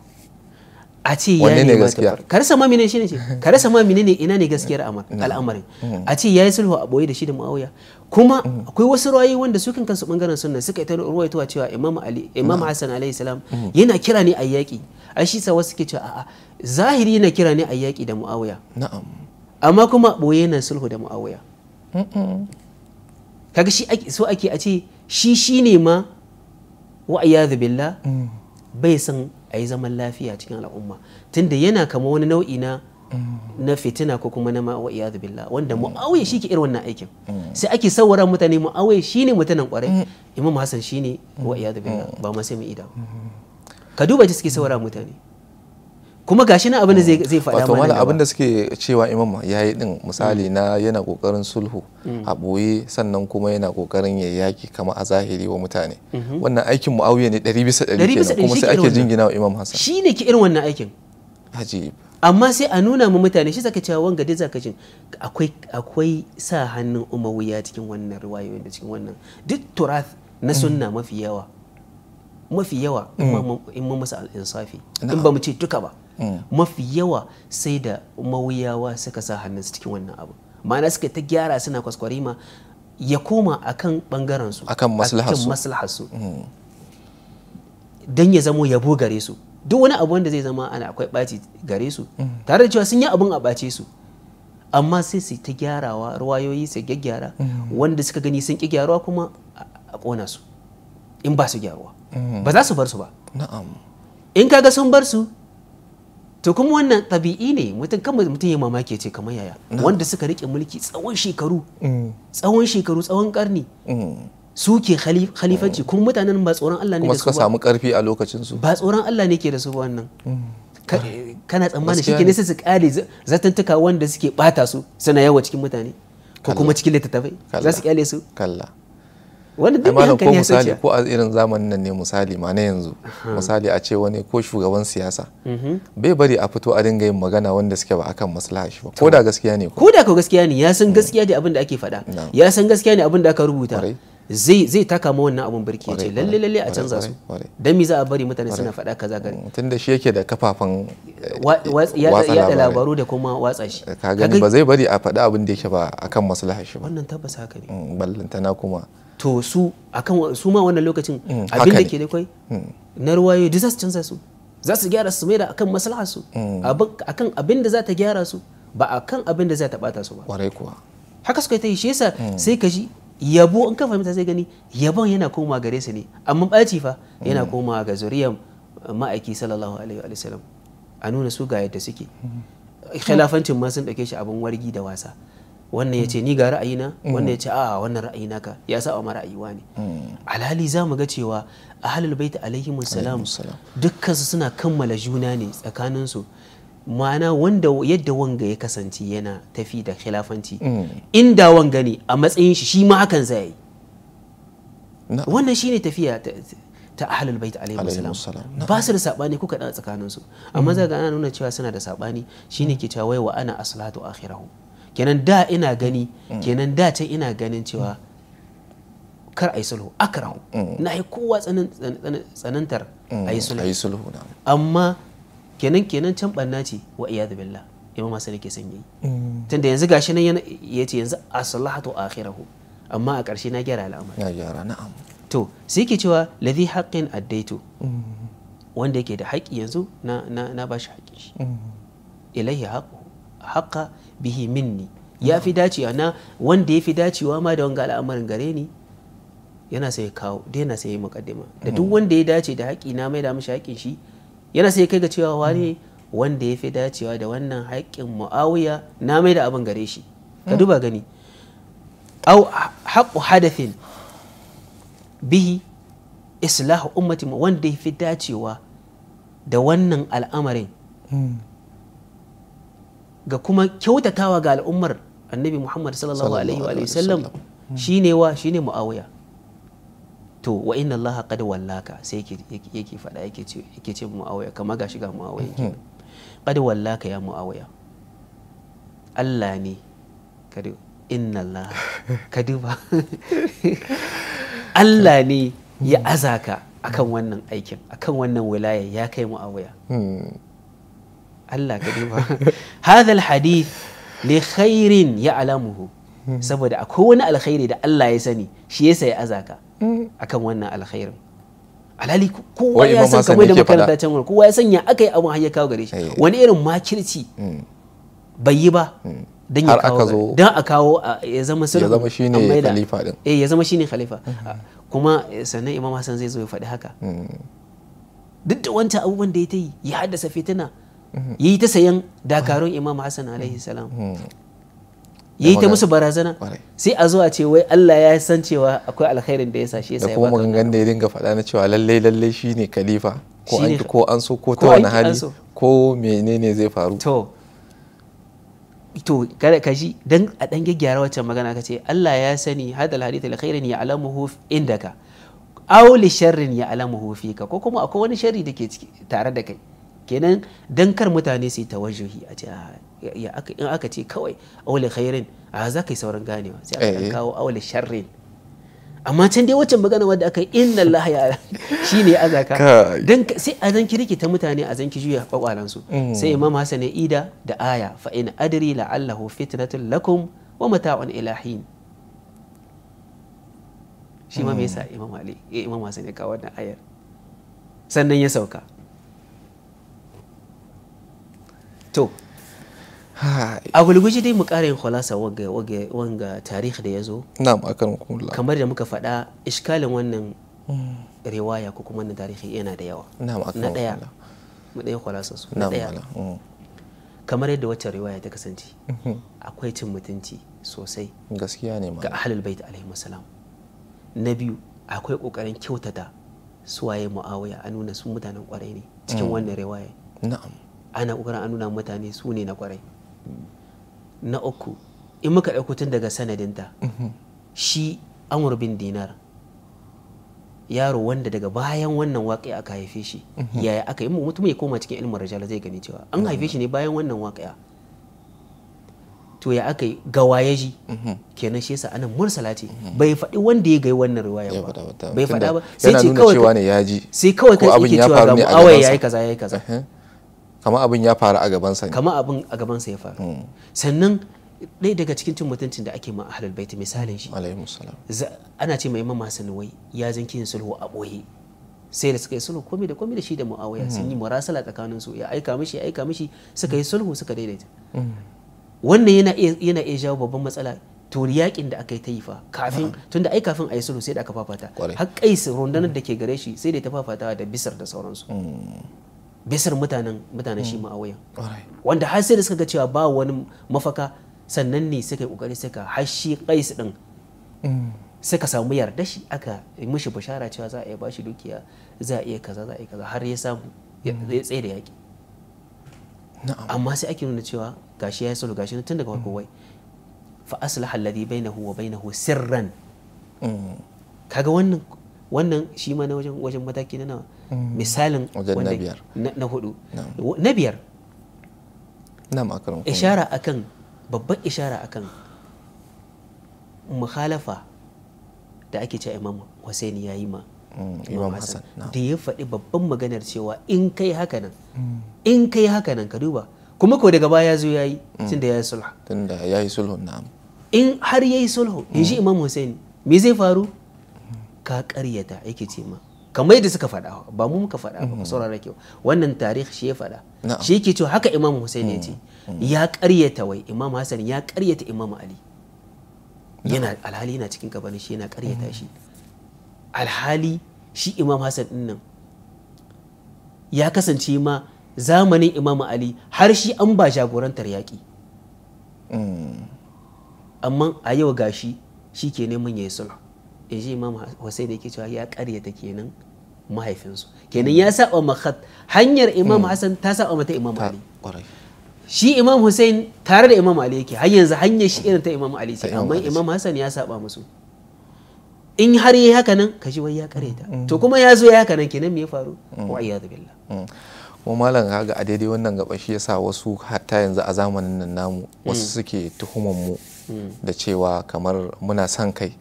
a ce ya ne gaskiya ka rasa ma menene shine ce ka rasa ma menene ina ne gaskiyar al'amarin mm. a ce yayi sulhu a boye da shi da Muawiya kuma mm. akwai wasu ra'ayi wanda su kan kansu bangaren sunna suka yi ta ruwaitowa cewa imam ali imam hasan alayhi salam mm. yana kira ne a yaƙi ai shi sawa suke cewa a'a zahiri yana kira ne a yaƙi da muawiya na'am amma kuma boye yana sulhu da muawiya kaga shi ake, so ake a ce shi shine ma wa ayyadhu billah mm. bai san a yi zaman lafiya cikin al'umma tunda yana kama wani nau'i na na fitina ko kuma na ma'awiya billah wanda mm. mu'awiya shi ke irin wannan aikin mm. sai ake saurara mutane mu'awiya shi ne mutanen kwarai mm. imam hassan shi ne wa'iya billah ba ma sai mu ida ka duba ji suke saurara mutane kuma gashi na abin da zai faɗa mana wato abin da suke cewa imam ya yi din misali na yana kokarin sulhu a boye sannan kuma yana kokarin ya yaki kama a zahiri wa mutane mm-hmm. wannan aikin muawiya ne 100 bisa kuma sai ake jingina wa imam hasan shine ke irin wannan aikin ajib amma sai a nuna mu mutane shi zaka cewa wanga dai zaka jin akwai akwai sa hannun umawiya cikin wannan riwayoyin da cikin wannan duk turath na mm. sunna mafi yawa mafi yawa mm. in mun masa insafi in ba mu ce duka ba mm. mafi yawa sai da mawuyawa suka sa hannunsu cikin wannan abu ma'ana suka ta gyara suna kwaskwarima ya koma akan bangaren su akan maslaharsu Dan ya zamo yabo gare su duk wani abu wanda zai zama ana akwai ɓaci gare su tare da cewa sun yi abin a ɓace su amma sai su ta gyarawa ruwayoyi su gyaggyara wanda suka gani sun ki gyaruwa kuma a ƙona su in ba su gyaruwa ba za su bar su ba in kaga sun bar su to kuma wannan tabi'i ne mutum kan mutum ya mamaki ce kamar yaya wanda suka rike mulki tsawon shekaru mm. tsawon shekaru tsawon karni mm. su ke khalifanci kuma mutanen ba tsoron Allah ne da su ba samu karfi a lokacin su ba tsoron Allah ne ke da su ba wannan hmm. kana tsammani shi ke sai su kare zatantuka wanda suke bata su suna yawa cikin mutane ko kuma cikin littattafai za su kyale su kalla wanda duk hankali ya misali ko a irin zamanin nan ne misali ma na yanzu misali a ce wani ko shugaban siyasa mm-hmm. bai bari a fito a dinga yin magana wanda suke ba akan maslaha shi ba ko da gaskiya ne ko da ko gaskiya ne ya san hmm. gaskiya da abin da ake faɗa ya san gaskiya ne abin da aka rubuta zai zai taka ma wannan abun birki ya ce lalle lalle a canza su dan mi za a bari mutane suna faɗa kaza gari mm, tunda shi yake da kafafan eh, da labaru da kuma watsa shi eh, ka gani ba zai bari a faɗa abin da yake ba akan maslahar shi ba wannan tabbas haka ne mm, na kuma to su akan su ma wannan lokacin mm, abin da ke da kai na ruwayo duk za su canza su za su gyara su mai da akan maslaha su akan abin da za ta gyara su ba akan abin da za ta bata su ba kwarai kuwa haka suka yi ta yi shi yasa sai ka ji yabo in ka fahimta sai gani yabon yana komawa gare su ne amma ɓaci fa yana mm. komawa ga zuriyar ma'aiki sallallahu alaihi wa sallam a nuna su ga yadda suke mm. khilafancin ma sun ɗauke shi abin wargi da wasa wannan ya ce ni ga ra'ayina mm. wannan ya ce a wannan ra'ayina ka ya sa ma wa ne alhali za mu ga cewa ahlul bait alaihimus salam dukkan su suna kammala juna ne tsakanin su ma'ana wanda yadda wanga ya kasance yana tafi da khilafanci mm. inda wanga ne a matsayin shi shi ma hakan zai yi wannan shine tafiya ta ahlul bait alaihi wasallam ba su da sabani kuka da tsakanin su amma mm. za ga ana nuna cewa suna da sabani shine ke cewa wa ana aslatu akhirahu kenan da ina gani mm. kenan da can ina ganin cewa kar a yi sulhu akrahu na yi kowa tsanantar a sulhu amma kenan kenan can banna ce wa iyadu billah imam hasan ke son yi mm. tunda yanzu gashi nan ce yanzu aslahatu akhirahu amma a ƙarshe na gyara al'amari na gyara na'am to sai yake cewa ladhi haqqin addaitu mm. wanda yake da haƙi yanzu na na na bashi haƙin shi mm. ilaihi haqqu haqqa bihi minni ya fi dacewa na wanda ya fi dacewa ma da wanga al'amarin gare ni yana sai kawo da yana sai mukaddima da duk wanda ya dace da haƙi na mai da mishi haƙin shi yana sai kai ga cewa wani wanda ya fi dacewa da wannan haƙƙin mu'awiya na mai da abin gare shi ka mm. duba gani au haƙƙu hadafin bihi islahu ummati wanda ya fi dacewa da wannan al'amarin mm. ga kuma kyautatawa ga al'ummar annabi muhammad sallallahu alaihi wa sallam shine wa shine mu'awiya to wa inna allaha qad wallaka sai yake fada yake ce yake ce muawiya kamar gashi ga muawiya yake hmm. qad wallaka ya muawiya Allah ne kadu inna allah kadu ba Allah ne ya hmm. azaka akan wannan aikin akan wannan wilaya ya kai muawiya hmm. Allah kadu ba hadha alhadith li khairin ya'lamuhu ya saboda akwai wani alkhairi da Allah ya sani shi ya sayi azaka akan wannan alkhairin alhali kowa ya san kamar da makaranta can wani kowa ya sanya aka yi abin hanyar ya kawo gare shi eh. wani irin makirci hmm. bai yi ba hmm. don ya kawo don a kawo ya zama sulhu ya zama shine khalifa din eh ya zama shine khalifa hmm. kuma eh, sannan imam hasan zai zo ya faɗi haka duk da wancan abubuwan da ya ta yi ya haddasa fitina Ya yi ta sayan dakarun imam hassan alaihi salam ya yi ta musu barazana sai a zuwa ce wai Allah ya san cewa akwai alkhairin da ya sa shi ya sai kuma maganganun da ya dinga faɗa na cewa lallai lallai shi ne ko an ko an so ko ta wani hali ko menene zai faru to to kada ka ji dan a dan gyara waccan magana ka ce Allah ya sani hadal hadith alkhairin ya alamuhu indaka aw li sharrin ya alamuhu fika ko kuma akwai wani sharri da ke tare da kai kenan dan kar mutane su yi tawajjuhi a ce ah, in aka ce kawai awali khairin a za ka yi sauran ganewa sai aka eh, eh. kawo awali sharrin amma can dai wacce magana wadda aka yi inna Allah ya shi ne zaka dan sai a zanki rikita mutane a zanki juya kwakwalan su mm. sai imam hasan ya ida da aya fa in adri allahu fitnatun lakum wa mata'un ilahin shi ma me yasa mm. imam ali imam hasan ya kawo wannan ayar sannan ya sauka to a gulguje dai mu kara yin kwalasa wanga tarihi da ya zo kamar da muka faɗa iskalin wannan mm. riwaya ko kuma wannan tarihi yana da yawa na ɗaya mu ɗaya kwalasa su na ɗaya mm. kamar yadda wata riwaya ta kasance mhm. akwai cin mutunci sosai gaskiya ne ga ahlul bait alaihi salam na biyu akwai kokarin kyautata suwaye muawiya a nuna sun mutanen kwarai ne cikin mm. wannan riwaya na'am ana kokarin a nuna mutane su ne na kwarai na uku in muka ɗauko tun daga sanadinta mhm. shi amur bin dinar yaro wanda daga bayan wannan waƙiya aka haife shi mhm. yaya aka yi mutum ya koma cikin ilmin rajala zai gani cewa an haife shi ne bayan wannan waƙiya to ya aka yi gawaye ya ji mhm. kenan shi yasa anan mursala ce bai faɗi wanda ya gai wannan riwaya ba bai faɗa ba sai ce kawai sai kawai kai ke cewa ga awai yayi kaza yayi kaza kama abin ya faru a gabansa kama abin a gabansa ya faru hmm. sannan ɗaya daga cikin cin mutuncin da ake ma ahlul baiti misalin shi ana ce mai imam hasan wai ya zanki yin sulhu a ɓoye sai da suka yi sulhu komai da komai da shi da muawiya sun yi hmm. murasala tsakanin su ya aika mishi ya aika mishi suka yi sulhu suka daidaita hmm. wannan yana yana iya jawo babban matsala to yakin da aka yi ta yi fa kafin tunda ai kafin a yi sulhu sai da aka fafata har su rundunar da ke gare shi sai da ta fafatawa da bisar da sauransu bisar mutanen mutane shi hmm. ma'awiyan wanda har sai da suka ga cewa ba wani mafaka sannan ne suka yi kokari suka hashi kais din hmm. suka samu yarda shi aka mishi bashara cewa za a iya bashi dukiya za a iya kaza za a iya kaza har ya samu ya hmm. tsaye da yaki amma sai ake nuna cewa gashi ya sulu salo gashi tun daga farko wai fa aslaha alladhi bainahu wa bainahu sirran kaga wannan wannan shi ma na wajen wajen mataki na nawa mm. misalin na hudu na biyar ishara akan babban ishara akan mukhalafa da ake cewa imam Hussein ya yi ma mm, imam Hassan da ya faɗi babban maganar cewa in kai haka nan mm. in kai haka nan ka duba kuma ko daga baya zo yayi ya yayi sulhu Tun ya yayi sulhu na'am in har yayi sulhu in imam Hussein me zai faru ka karyata yake ce ma kamar yadda suka faɗa ba mu muka faɗa ba mm. saurara ke wannan tarihi shi ya faɗa shi yake cewa haka imam Hussein ya ce mm. Mm. ya karyata wai imam Hassan ya karyata imam Ali yana alhali yana cikin kabarin shi yana karyata shi alhali shi imam Hassan din nan ya kasance ma zamanin imam Ali har shi an ba jagorantar yaƙi amma a yau gashi shi ke neman ya yi sulhu ya ji imam hussein yake cewa ya karyata kenan mahaifinsu kenan ya saba makhat hanyar imam hmm. hassan ta saba mata imam ali shi imam hussein tare da imam ali yake har yanzu hanyar shi irin ta imam ali ce amma imam hassan ya saba musu in har yi haka nan kashi wai ya karyata hmm. to kuma ya zo ya haka nan kenan me ya faru hmm. wa iyadu billah kuma malam kaga a daidai wannan gaba shi yasa wasu hatta yanzu a zamanin nan namu wasu suke tuhumar mu da cewa kamar muna son kai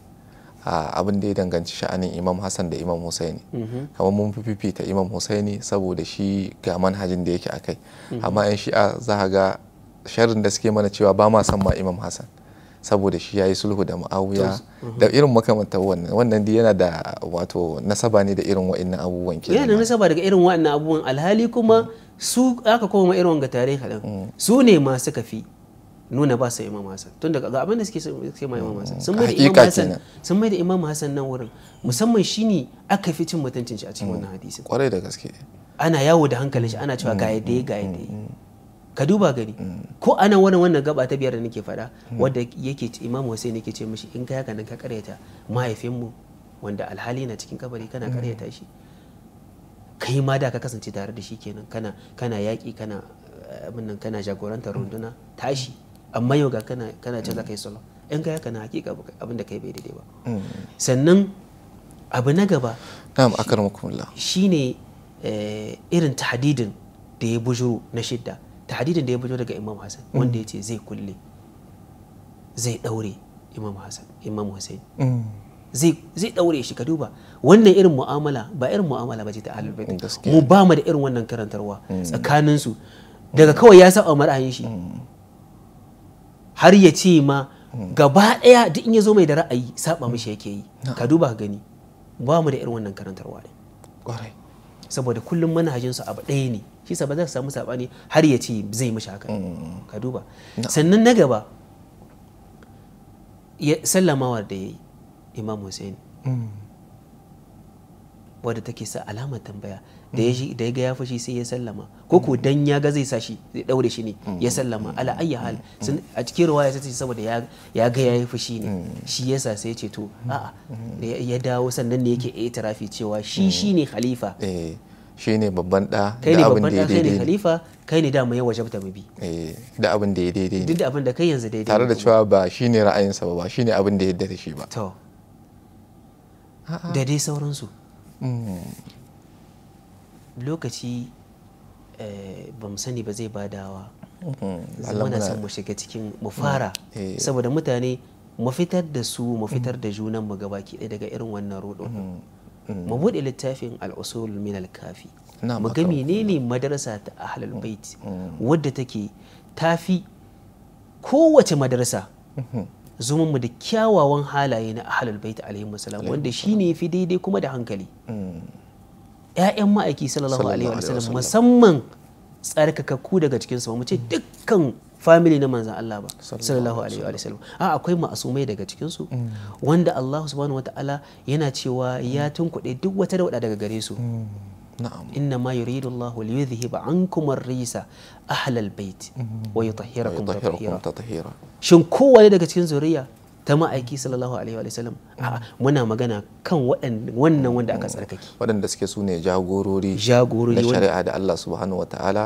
abin da ya danganci sha'anin imam hassan da imam husaini mhm. kamar mun fifita imam husaini saboda shi ga manhajin da yake a kai mhm. amma yan shi'a za ga sharrin da suke mana cewa ba ma san ma imam hassan saboda shi ya yi sulhu da ma'awuya mhm. da irin makamanta wannan wannan dai yana da wato nasaba ne da irin wa'annan abubuwan ke yana da nasaba daga irin wa'annan abubuwan alhali kuma su aka koma irin wanga tarihi mm. su ne masu kafi nuna ba sai imam hassan tun daga abin da suke sai ma imam hassan sun mm. mai imam hassan sun mai da imam hassan nan wurin musamman shine aka fi cin mutuncin shi a cikin mm. wannan hadisi kwarai da gaske ana yawo da hankalin shi ana cewa ga mm. yadda ga yadda ka duba gani ko ana wani wannan gaba ta biyar da nake faɗa wadda yake imam hussein yake ce mishi in ka haka nan ka karyata mahaifinmu wanda alhali na cikin kabari kana karyata shi kai ma da ka kasance tare da shi kenan kana kana yaƙi kana eh, abin kana jagorantar runduna tashi amma yau ga kana kana ce za ka yi solo in ka yaka na hakika abin da kai bai daidai ba mm. sannan abu na gaba na'am akramakumullah shine eh, irin tahdidin da ya bujuro na shidda tahdidin da ya bujuro daga Imam Hassan mm. wanda ya ce zai kulle zai daure Imam Hassan Imam Hussein mm. zai daure shi ka duba wannan irin mu'amala ba irin mu'amala ba ce ta ahlul mu ba mu da irin wannan karantarwa tsakaninsu daga kawai ya saba mar'ayin shi har ya ce ma gaba ɗaya duk in ya zo mai da ra'ayi saba mishi yake yi ka duba gani ba mu da irin wannan karantarwa ne saboda kullum manhajinsu abu ɗaya ne shi sa ba za su samu saɓani har ya ce zai mishi haka mm. ka duba sannan na gaba ya sallamawar da ya yi imam hussein mm. wadda take sa alamar tambaya da ya mm. ga ya fashi sai ya sallama ko ko mm. dan ya ga zai sashi zai daure shi ne mm. ya sallama ala ayyi hal a cikin ruwaya sai ce saboda ya ga ya yi fushi ne shi yasa sai ya ce to a'a ya dawo sannan ne yake itirafi cewa shi shine khalifa eh, shi ne babban ɗa da abin da ya daidai ne khalifa kai ne dama ya wajabta mu bi eh, da abin da ya daidai ne duk da abin da kai yanzu daidai tare da cewa ba shi ne ra'ayinsa ba ba shi ne abin da ya yarda da shi ba to da dai sauransu Mm. lokaci eh, ba mu sani ba zai badawa mm-hmm. Zamana san mu shiga cikin mu fara mm. eh. saboda mutane mu fitar da su mu mm. fitar da junan mu gabaki ɗaya daga irin wannan rodo mu buɗe littafin al'usul min al-kafi mu ga menene madarasa ta ahlul bait wadda take tafi kowace madarasa mm-hmm. zuma mu da kyawawan halaye na ahlal bait alaihi wasallam wanda shine yafi daidai kuma da hankali ƴaƴan mm. ma'aiki sallallahu alaihi wasallam musamman tsarkakakku daga cikin su mu ce mm. dukkan family na manzon Allah ba sallallahu alaihi wa a akwai ma'asumai daga cikin su mm. wanda Allah subhanahu wataala yana cewa ya tunkuɗe duk wata da wada daga gare su inna ma yuridu Allahu li yudhhiba ankum ar-risa ahlal bait wa yutahhirakum tatahira shin kowane daga cikin zuriya ta ma'aiki sallallahu alaihi wa sallam muna magana kan wannan wanda aka tsarkake waɗanda suke su ne jagorori jagorori na shari'a da Allah subhanahu wa ta'ala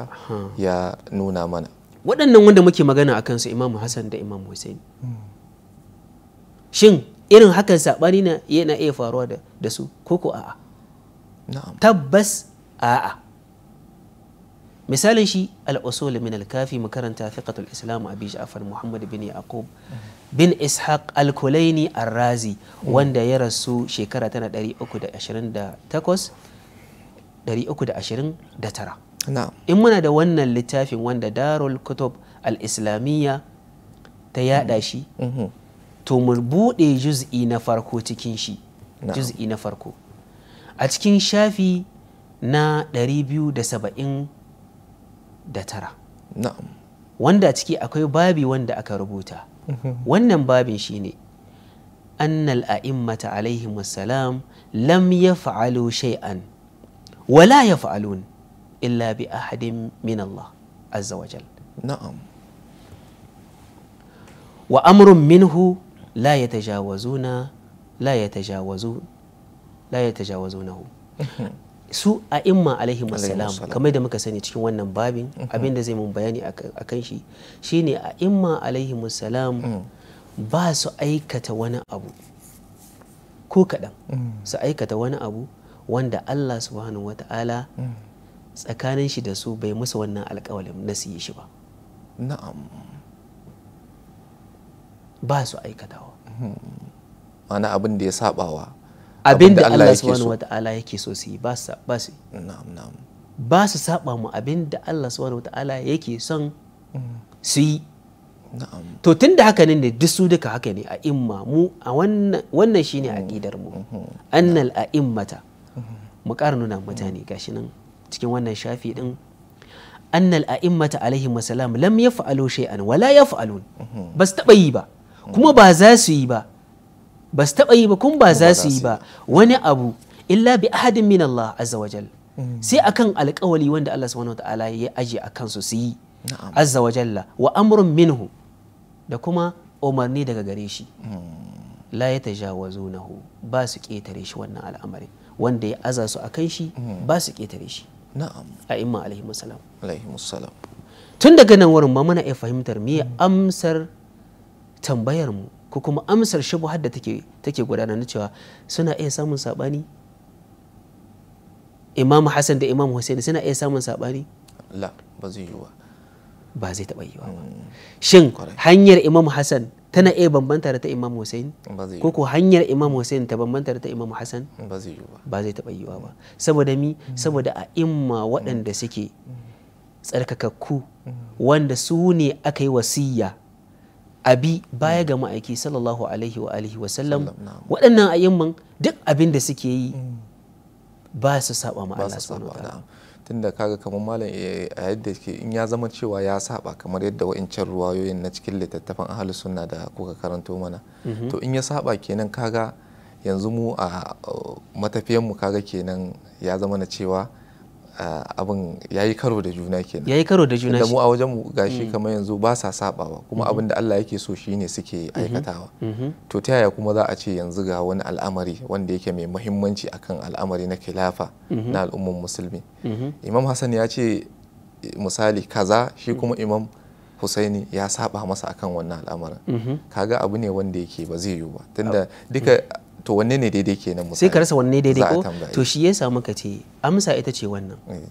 ya nuna mana waɗannan wanda muke magana a kansu Imam Hassan da Imam Hussein shin irin hakan saɓani na yana iya faruwa da su ko ko a'a tabbas a'a misalin shi al-usul min al-kafi makaranta thiqatul islam abi ja'far muhammad bin yaqub bin ishaq al-kulaini ar-razi wanda ya rasu shekara tana 328 329 in muna da wannan littafin wanda darul kutub al-islamiyya ta yada shi mhm. to mu bude juz'i na farko cikin shi juz'i na farko a cikin shafi na 270 da tara wanda ciki akwai babi wanda aka rubuta mhm. wannan babin shine annal a'immata alaihi wassalam lam fa'alu shay'an wala yaf'alun illa bi ahadin min Allah azza wa jal na'am wa amrun minhu la yatajawazuna la yatajawazun la su a imma alaihi wasalam kamar da muka sani cikin wannan babin mhm. abin da zai mun bayani a kan shi shine a imma alaihi wasalam mhm. ba su aikata wani abu ko kaɗan mhm. su aikata wani abu wanda Allah subhanahu wata'ala tsakanin shi da su bai musu wannan alƙawalin na shi ba na'am ba su aikatawa mana abin da ya saɓawa. abinda Allah subhanahu wata'ala yake so su yi ba su ba su saba mu abinda Allah subhanahu wata'ala yake son su yi to tun da haka ne duk su duka haka ne a imma mu a wannan ne mm-hmm. aqidar mu mm-hmm. annal a immata mm-hmm. mu ƙara nuna mutane gashi nan cikin wannan shafi din annal a immata alaihi masalam lam fa'alo shay'an wala ya yaf'alun ba su taɓa yi ba kuma ba za su yi ba ba su taɓa yi ba kun ba za su yi ba wani abu illa bi ahadin min Allah azza wajal mm. sai akan alƙawali wanda Allah subhanahu ta'ala ya aje a kansu su yi azza wajalla wa amrun minhu da kuma umarni daga gare shi mm. la ya tajawazunahu ba su ƙetare shi wannan al'amarin wanda ya aza su akan shi mm. ba su ƙetare shi na'am a imma alaihi salam alaihi salam tun daga nan wurin ma muna iya fahimtar me amsar tambayar mu ko kuma amsar shubuhar da take gudana na cewa suna iya samun sabani Imam Hassan da Imam Hussein suna iya samun sabani la ba zai yiwuwa ba zai taɓa yiwa ba shin hmm, hanyar Imam Hassan tana iya bambanta da ta Imam Hussein ko ko hanyar Imam Hussein ta bambanta da ta Imam Hassan hmm, ba zai taɓa yiwa ba saboda mi saboda a imma waɗanda suke tsarkakakku hmm. wanda su ne aka yi wasiya abi baya ga ma'aiki sallallahu alaihi wa alihi wa sallam waɗannan ayyamman duk abin da suke yi ba su saba ma Allah subhanahu wa tunda kaga kamar malam eh, a yadda ke in ya zama cewa ya saba kamar yadda wa'incan ruwayoyin na cikin littattafan ahlus sunna da kuka karanto mana mhm. to in ya saba kenan kaga yanzu mu a uh, matafiyan mu kaga kenan ya zama na cewa abin ya yi karo da juna kenan ya yi karo da juna shi mu a wajen mu gashi mm. kamar yanzu ba sa sabawa kuma mm-hmm. abin da Allah yake so shine suke mm-hmm. aikatawa mm-hmm. to ta yaya kuma za a ce yanzu ga wani al'amari wanda yake mai muhimmanci akan al'amari na khilafa na al'umman musulmi imam Hassan ya ce misali kaza shi kuma imam Husaini ya saba masa akan wannan al'amarin kaga abu ne wanda yake ba zai yiwu ba tunda duka mm. to wanne ne daidai kenan sai ka rasa wanne daidai ko to shi yasa muka ce amsa ita ce wannan eh.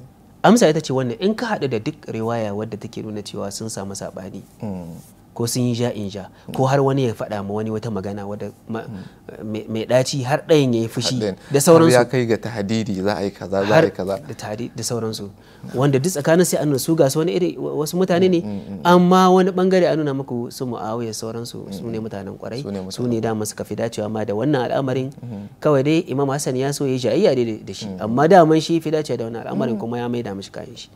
amsa ita ce wannan in ka hadu da duk riwaya wadda take nuna cewa sun samu saɓani mm. ko sun yi ja in ja ko har wani ya faɗa ma wani wata magana wadda mai ɗaci har ɗayan ya yi fushi da sauransu ya kai ga tahadidi za a yi kaza za a yi kaza da sauransu wanda duk tsakanin sai an su ga su wani iri wasu mutane ne mm, mm, mm, amma wani bangare an nuna muku su mu'awiya sauransu su ne mutanen kwarai su ne dama suka fi dacewa amma da wannan al'amarin kawai dai imam hassan ya so ya yi jayayya da shi amma daman shi fi dacewa da wannan al'amarin kuma ya maida mishi kayan shi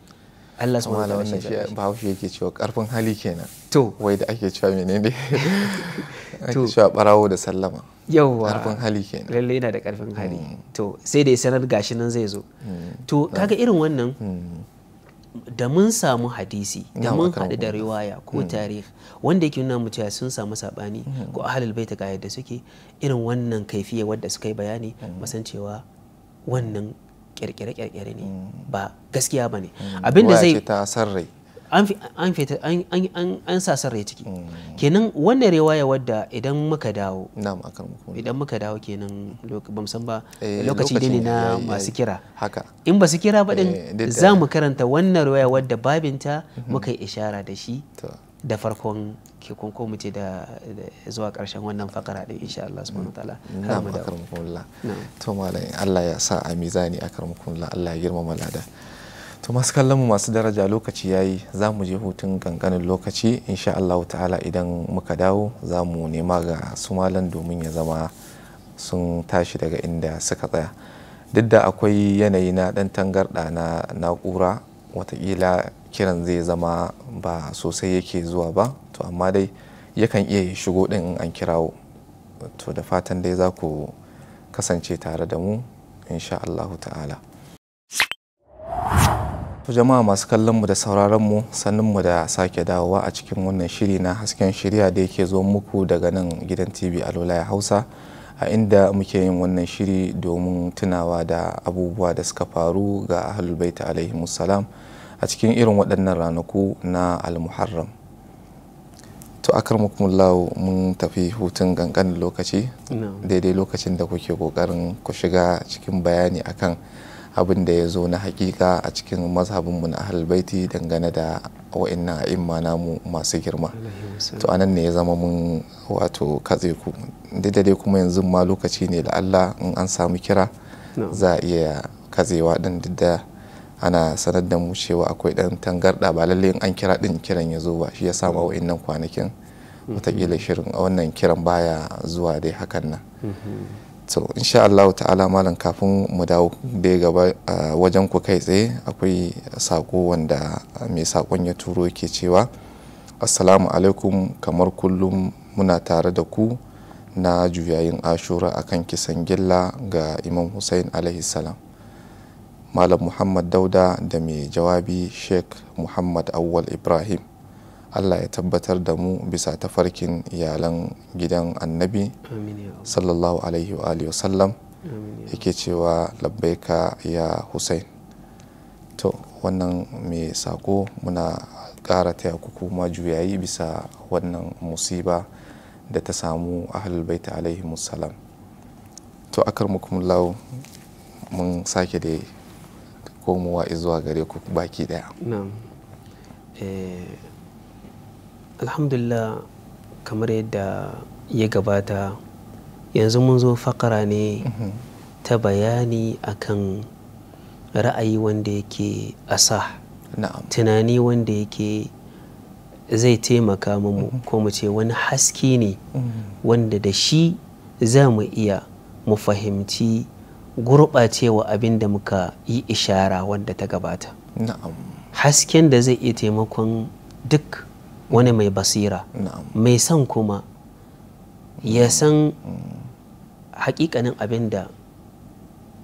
Allah subhanahu wataala wannan shi bahaushe yake cewa karfin hali kenan to wai da ake cewa menene ake cewa barawo da sallama yawwa karfin hali kenan lalle yana da karfin hali mm. to sai da ya sanar gashi nan zai zo mm. to kaga irin wannan mm. da mun samu hadisi da mun haɗu da riwaya ko tarih wanda yake nuna mutuwa sun samu saɓani ko ahalul baita ga yadda suke irin wannan kaifiya wadda suka yi bayani masan cewa wannan kirkire-kirkire ne hmm. ba gaskiya ba ne hmm. da zai ta sarrai an sa sarrai ciki hmm. kenan wannan rewaya wadda idan muka dawo idan muka dawo kenan ba san ba eh, lokaci ne na masu kira in ba su kira ba din eh, za mu karanta wannan rewaya wadda babinta mhm. muka yi ishara da shi da farkon ke ko mu je da zuwa karshen wannan fakara din insha Allah subhanahu wataala har mm. to malam Allah ya sa a mizani akramukum Allah ya girmama lada to masu kallon mu masu daraja lokaci yayi za mu je hutun kankanin lokaci insha Allah ta'ala idan muka dawo za mu nema ga su malam domin ya zama sun tashi daga inda suka tsaya duk da akwai yanayi na dan tangarda na na'ura watakila kiran zai zama ba sosai yake zuwa ba to amma dai yakan iya shigo din an kirawo to da fatan dai za ku kasance tare da mu insha Allahu ta'ala to jama'a masu kallon mu da sauraron mu sannin mu da sake dawowa a cikin wannan shiri na hasken shirya da yake zo muku daga nan gidan TV Alolaya Hausa a inda muke yin wannan shiri domin tunawa da abubuwa da suka faru ga ahlul baita alaihi salam a cikin irin waɗannan ranaku na almuharram to akar mukumullahu mun tafi hutun gangan lokaci daidai lokacin da kuke kokarin ku shiga cikin bayani akan abin da ya zo na hakika a cikin mazhabinmu na ahalbaiti dangane da wa'annan a'imma namu masu girma to anan ne ya zama mun wato katse ku da kuma yanzu ma lokaci ne da allah in an samu kira za a iya katsewa ɗin duk da ana sanar da mu cewa akwai ɗan tangarɗa ba lalle in an kira ɗin kiran ya zo ba shi ya sama mm-hmm. wa'innan kwanakin mm-hmm. watakila shirin a wannan kiran baya zuwa dai hakan nan to mm-hmm. insha Allah ta'ala malam kafin mu dawo dai gaba wajen ku kai tsaye akwai sako wanda mai sakon ya turo yake cewa assalamu alaikum kamar kullum muna tare da ku na juyayin ashura akan kisan gilla ga imam hussein alaihi salam malam muhammad dauda da mai jawabi sheikh muhammad awwal ibrahim allah ya tabbatar da mu bisa tafarkin iyalan gidan annabi sallallahu alaihi wa sallam yake cewa labbaika ya hussein to wannan mai sako muna kara taya kuku ma juyayi bisa wannan musiba da ta samu ahlul baita alaihi musallam to akar mukumullahu mun sake da komowa zuwa gare ku baki daya eh, alhamdulillah kamar yadda ya gabata yanzu mun zo fakara ne mhm. ta bayani akan ra'ayi wanda yake asa tunani wanda yake zai taimaka mu mhm. ko mu ce wani haske ne mhm. wanda da shi za mu iya mu fahimci gurɓacewa abin da muka yi ishara wadda ta gabata hasken da zai iya taimakon duk wani mai basira mai son kuma ya san mm. hakikanin abin da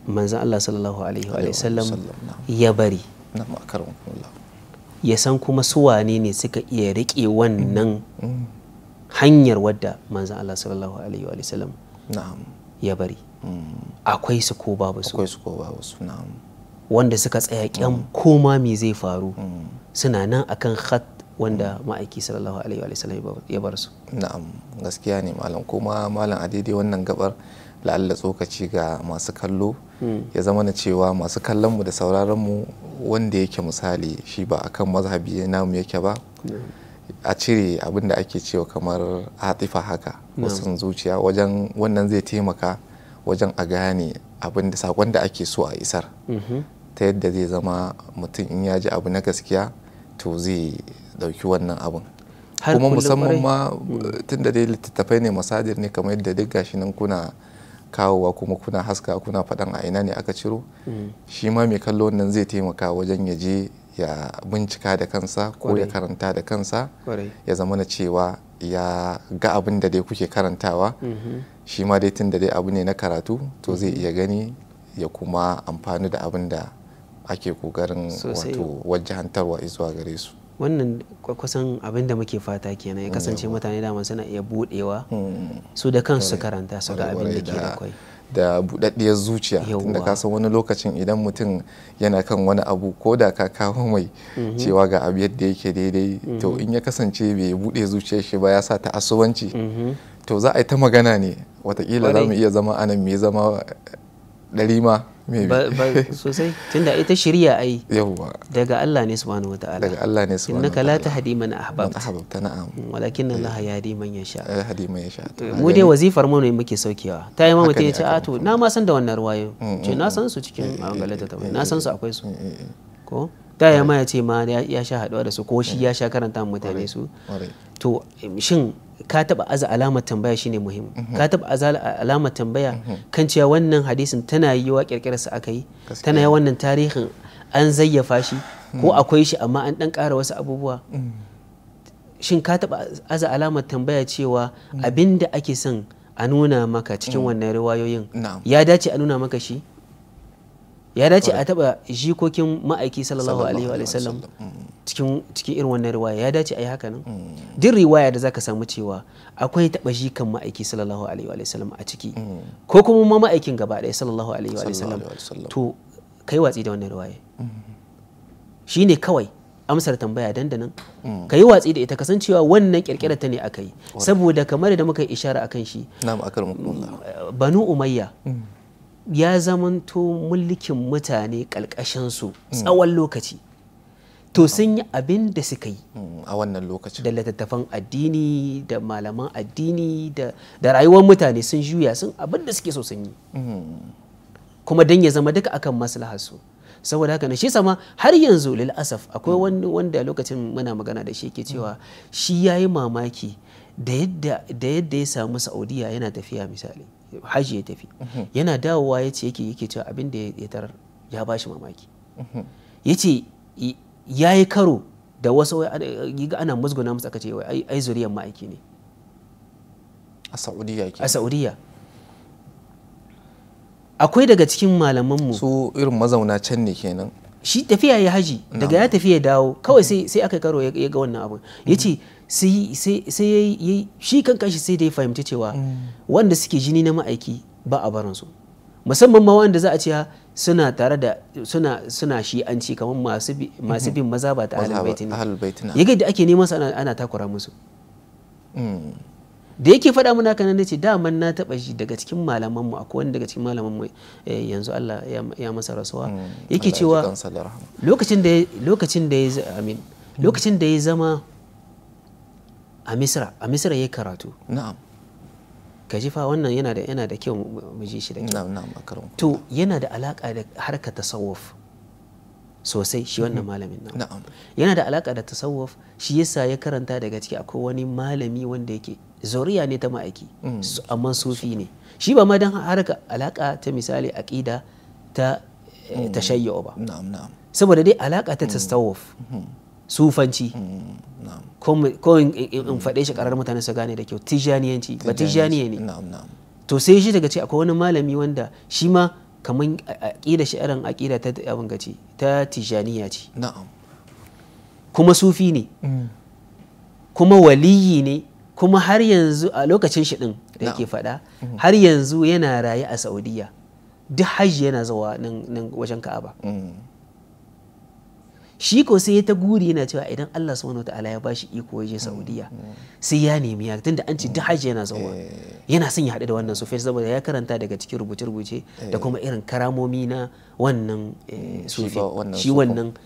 manzan Allah sallallahu alaihi wasallam ya bari ya san kuma suwane ne suka iya riƙe wannan mm. Mm. hanyar wadda manzan Allah sallallahu alaihi wasallam ya bari akwai su ko babu su akwai su ko babu su wanda suka tsaya kyam koma me zai faru mm. suna nan akan khat wanda ma'aiki sallallahu alaihi wa sallam ya bar su na'am gaskiya ne malam kuma malam a daidai wannan gabar la'alla tsokaci ga masu kallo mm. ya zama na cewa masu kallon mu da sauraron mu wanda yake misali shi ba akan mazhabi namu yake ba a cire abinda ake cewa kamar atifa haka wasan zuciya wajen wannan zai taimaka wajen a gane abin da sakon da ake so a isar mhm. ta yadda zai zama mutum in ya ji abu na gaskiya to zai dauki wannan abin kuma musamman ma mm. tun da dai littattafai ne masadir ne kamar yadda duk gashi nan kuna kawowa kuma kuna haska kuna faɗan a ina ne aka ciro mm. shi ma mai kallo nan zai taimaka wajen ya je ya bincika da kansa ko ya karanta da kansa ya zama na cewa ya ga abin da dai kuke karantawa mhm. shi ma dai tun da dai abu ne na karatu to zai iya gani ya kuma amfani da abin da ake kogarin wato wajahantarwa zuwa gare su wannan kusan abin da muke fata kenan ya kasance mutane dama suna iya budewa hmm. su da kansu su karanta su ga abin da ke kwai da budaddiyar zuciya tunda ka san wani lokacin idan mutum yana kan wani abu ko da ka kawo mai mhm. cewa ga abu yadda yake daidai to mhm. in ya kasance bai bude zuciyar shi ba ya sa ta asubanci mhm. to za a yi ta magana ne watakila za mu iya zama anan mai zama ɗari ma sosai tunda ita shirya ai daga Allah ne subhanahu wa ta'ala daga Allah ne subhanahu wa ta'ala innaka la tahdi man ahbabta ahbabta na'am walakin Allah eh. yahdi man yasha eh, yahdi man yasha mu dai wazifar mu ne muke saukewa ta yi mamata ya ce a ah, to na ma san da wannan ruwayo mm, mm, ce mm. eh, na san su cikin magalata ta na san su akwai su ko da ya ma ya ce ma ya sha haduwa da su ko shi ya sha karanta mutane su to shin ka taba aza alamar tambaya shine muhimmi mhm. ka taba aza alamar tambaya mhm. kan cewa wannan hadisin tana yiwa kirkirarsa aka yi tana yi wannan tarihin an zayyafa shi ko mhm. akwai shi amma an dan kara wasu abubuwa shin ka taba aza alamar tambaya cewa abinda ake son a nuna maka cikin wannan riwayoyin ya dace a nuna maka shi ya dace a taba jikokin ma'aiki sallallahu alaihi wa sallam mm. cikin cikin irin wannan riwaya ya dace a yi haka nan mm. duk riwaya da zaka samu cewa akwai taba jikan ma'aiki sallallahu alaihi wa sallam a ciki mm. ko kuma ma ma'aikin gaba ɗaya sallallahu alaihi wa sallam to kai watsi da wannan riwaya shine kawai amsar tambaya dandanan ka yi watsi da ita kasancewa wannan kirkirar ta ne aka yi saboda kamar da muka yi ishara akan shi banu umayya ya zamanto mulkin mutane ƙalƙashinsu mm. tsawon lokaci to sun yi abin da suka yi mm, a wannan lokacin da littattafan addini da malaman addini da rayuwar mutane sun juya sun abin da suke so sun yi mm. kuma don ya zama duka akan maslaharsu saboda haka na shi sama har yanzu lil asaf akwai wani wanda lokacin muna magana da shi ke cewa shi ya yi mamaki da yadda ya samu saudiya yana tafiya misali haji ya tafi mhm. yana dawowa ya ce yake yake cewa abin da ya tarar ya ba shi mamaki mhm. ya ce ya yi karo da wasu ga ana musguna musu aka ce ai zuriyar ma'aiki ne a saudiya a saudiya akwai daga cikin malamanmu su irin mazauna can ne kenan shi tafiya ya haji daga ya tafiya ya dawo kawai sai aka karo ya ga wannan abu ya ce sai shi kan kashi sai da ya fahimci cewa mm. wanda suke jini na ma'aiki ba a barin su musamman ma wanda za a ce suna tare da suna suna shi an ci kamar masu mm-hmm. bin maza ba ta halin baitina yaga da ake neman su ana takura musu mm. da yake faɗa muna haka nan ce daman na taɓa shi daga cikin malaman mu akwai wani daga cikin malaman mu eh, yanzu Allah ya masa rasuwa mm. yake cewa lokacin da lokacin da ya lokacin da ya zama a misra a misra yi karatu na'am ka ji wannan yana da kyau mu ji shi da kyau to yana da alaka da harkar tasawuf sosai shi wannan mhm. malamin nan yana da alaka da tasawuf shi yasa ya karanta daga ciki akwai wani malami wanda yake Zoriya ne ta ma'aiki mm. amma sufi ne shi ba ma dan harka alaka ta misali aqida ta eh, mm. tashayyu ba saboda dai alaka ta mm. tasawuf mm-hmm. sufanci mm, ko in faɗe shi ƙarar mutane su gane da kyau tijaniyanci ba tijaniya ne to sai shi daga ce akwai wani malami wanda shi ma kamar aƙida shi irin aƙida ta abin gaci ta tijaniya ce kuma sufi ne mm. kuma waliyi ne kuma har yanzu a lokacin shi ɗin da yake faɗa mm-hmm. har yanzu yana raye a saudiya duk hajji yana zuwa nan wajen ka'aba mm. shi ko sai ya ta guri yana cewa idan Allah subhanahu wataala ya bashi iko ya je Saudiya mm, mm. sai ya nemi ya tunda an ce duk mm. hajji yana zuwa eh. yana son ya haɗu da wannan sufai saboda ya karanta daga cikin rubuce-rubuce da kuma eh. irin karamomi na wannan eh, sufi shi wannan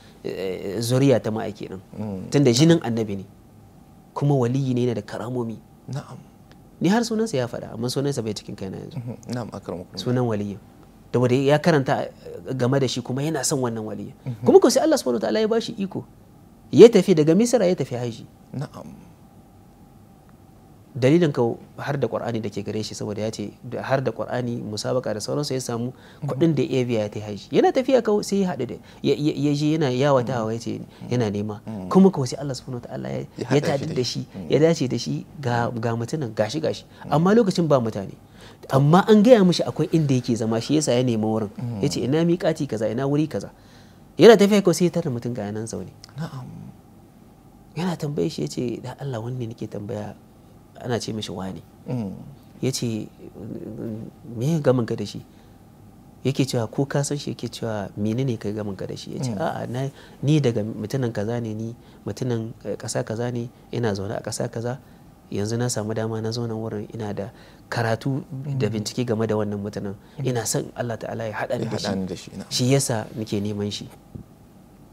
zuriya ta ma'aiki din tunda jinin annabi ne kuma waliyi ne yana da karamomi na'am ni har sunansa ya faɗa amma sunansa bai cikin kaina yanzu mm-hmm. na'am akramukum sunan waliyi da wanda ya karanta game da shi kuma yana son wannan waliya. kuma ko sai Allah subhanahu ta'ala ya bashi iko ya tafi daga Misira ya tafi haji dalilin ka har da qur'ani da ke gare shi saboda ya ce har da qur'ani musabaka da sauransu ya samu kuɗin da ya biya ya ta haji yana tafiya kawo sai ya haɗu da ya je yana ta ya ce yana nema kuma ko sai Allah subhanahu ta'ala ya tadi da shi ya dace da shi ga mutunan gashi gashi amma lokacin ba mutane amma an gaya mishi akwai inda yake zama shi yasa ya nemi wurin mm. yace ina miƙati kaza ina wuri kaza yana tafiya ko sai ya tara mutum ga nan zaune yana tambaye shi yace da Allah wanne nake tambaya ana ce mishi wani mm. yace me gamin ka da shi yake cewa ko ka san shi yake cewa ne kai gamin ka da shi yace mm. a'a na ni daga mutunan kaza ne ni mutunan kasa eh, kaza ne ina zaune a kasa kaza yanzu na samu dama na zo nan wurin ina da karatu da mm-hmm. bincike game da wannan mutanen mm-hmm. ina son Allah ta'ala ya haɗa ni da shi shi yasa nake neman shi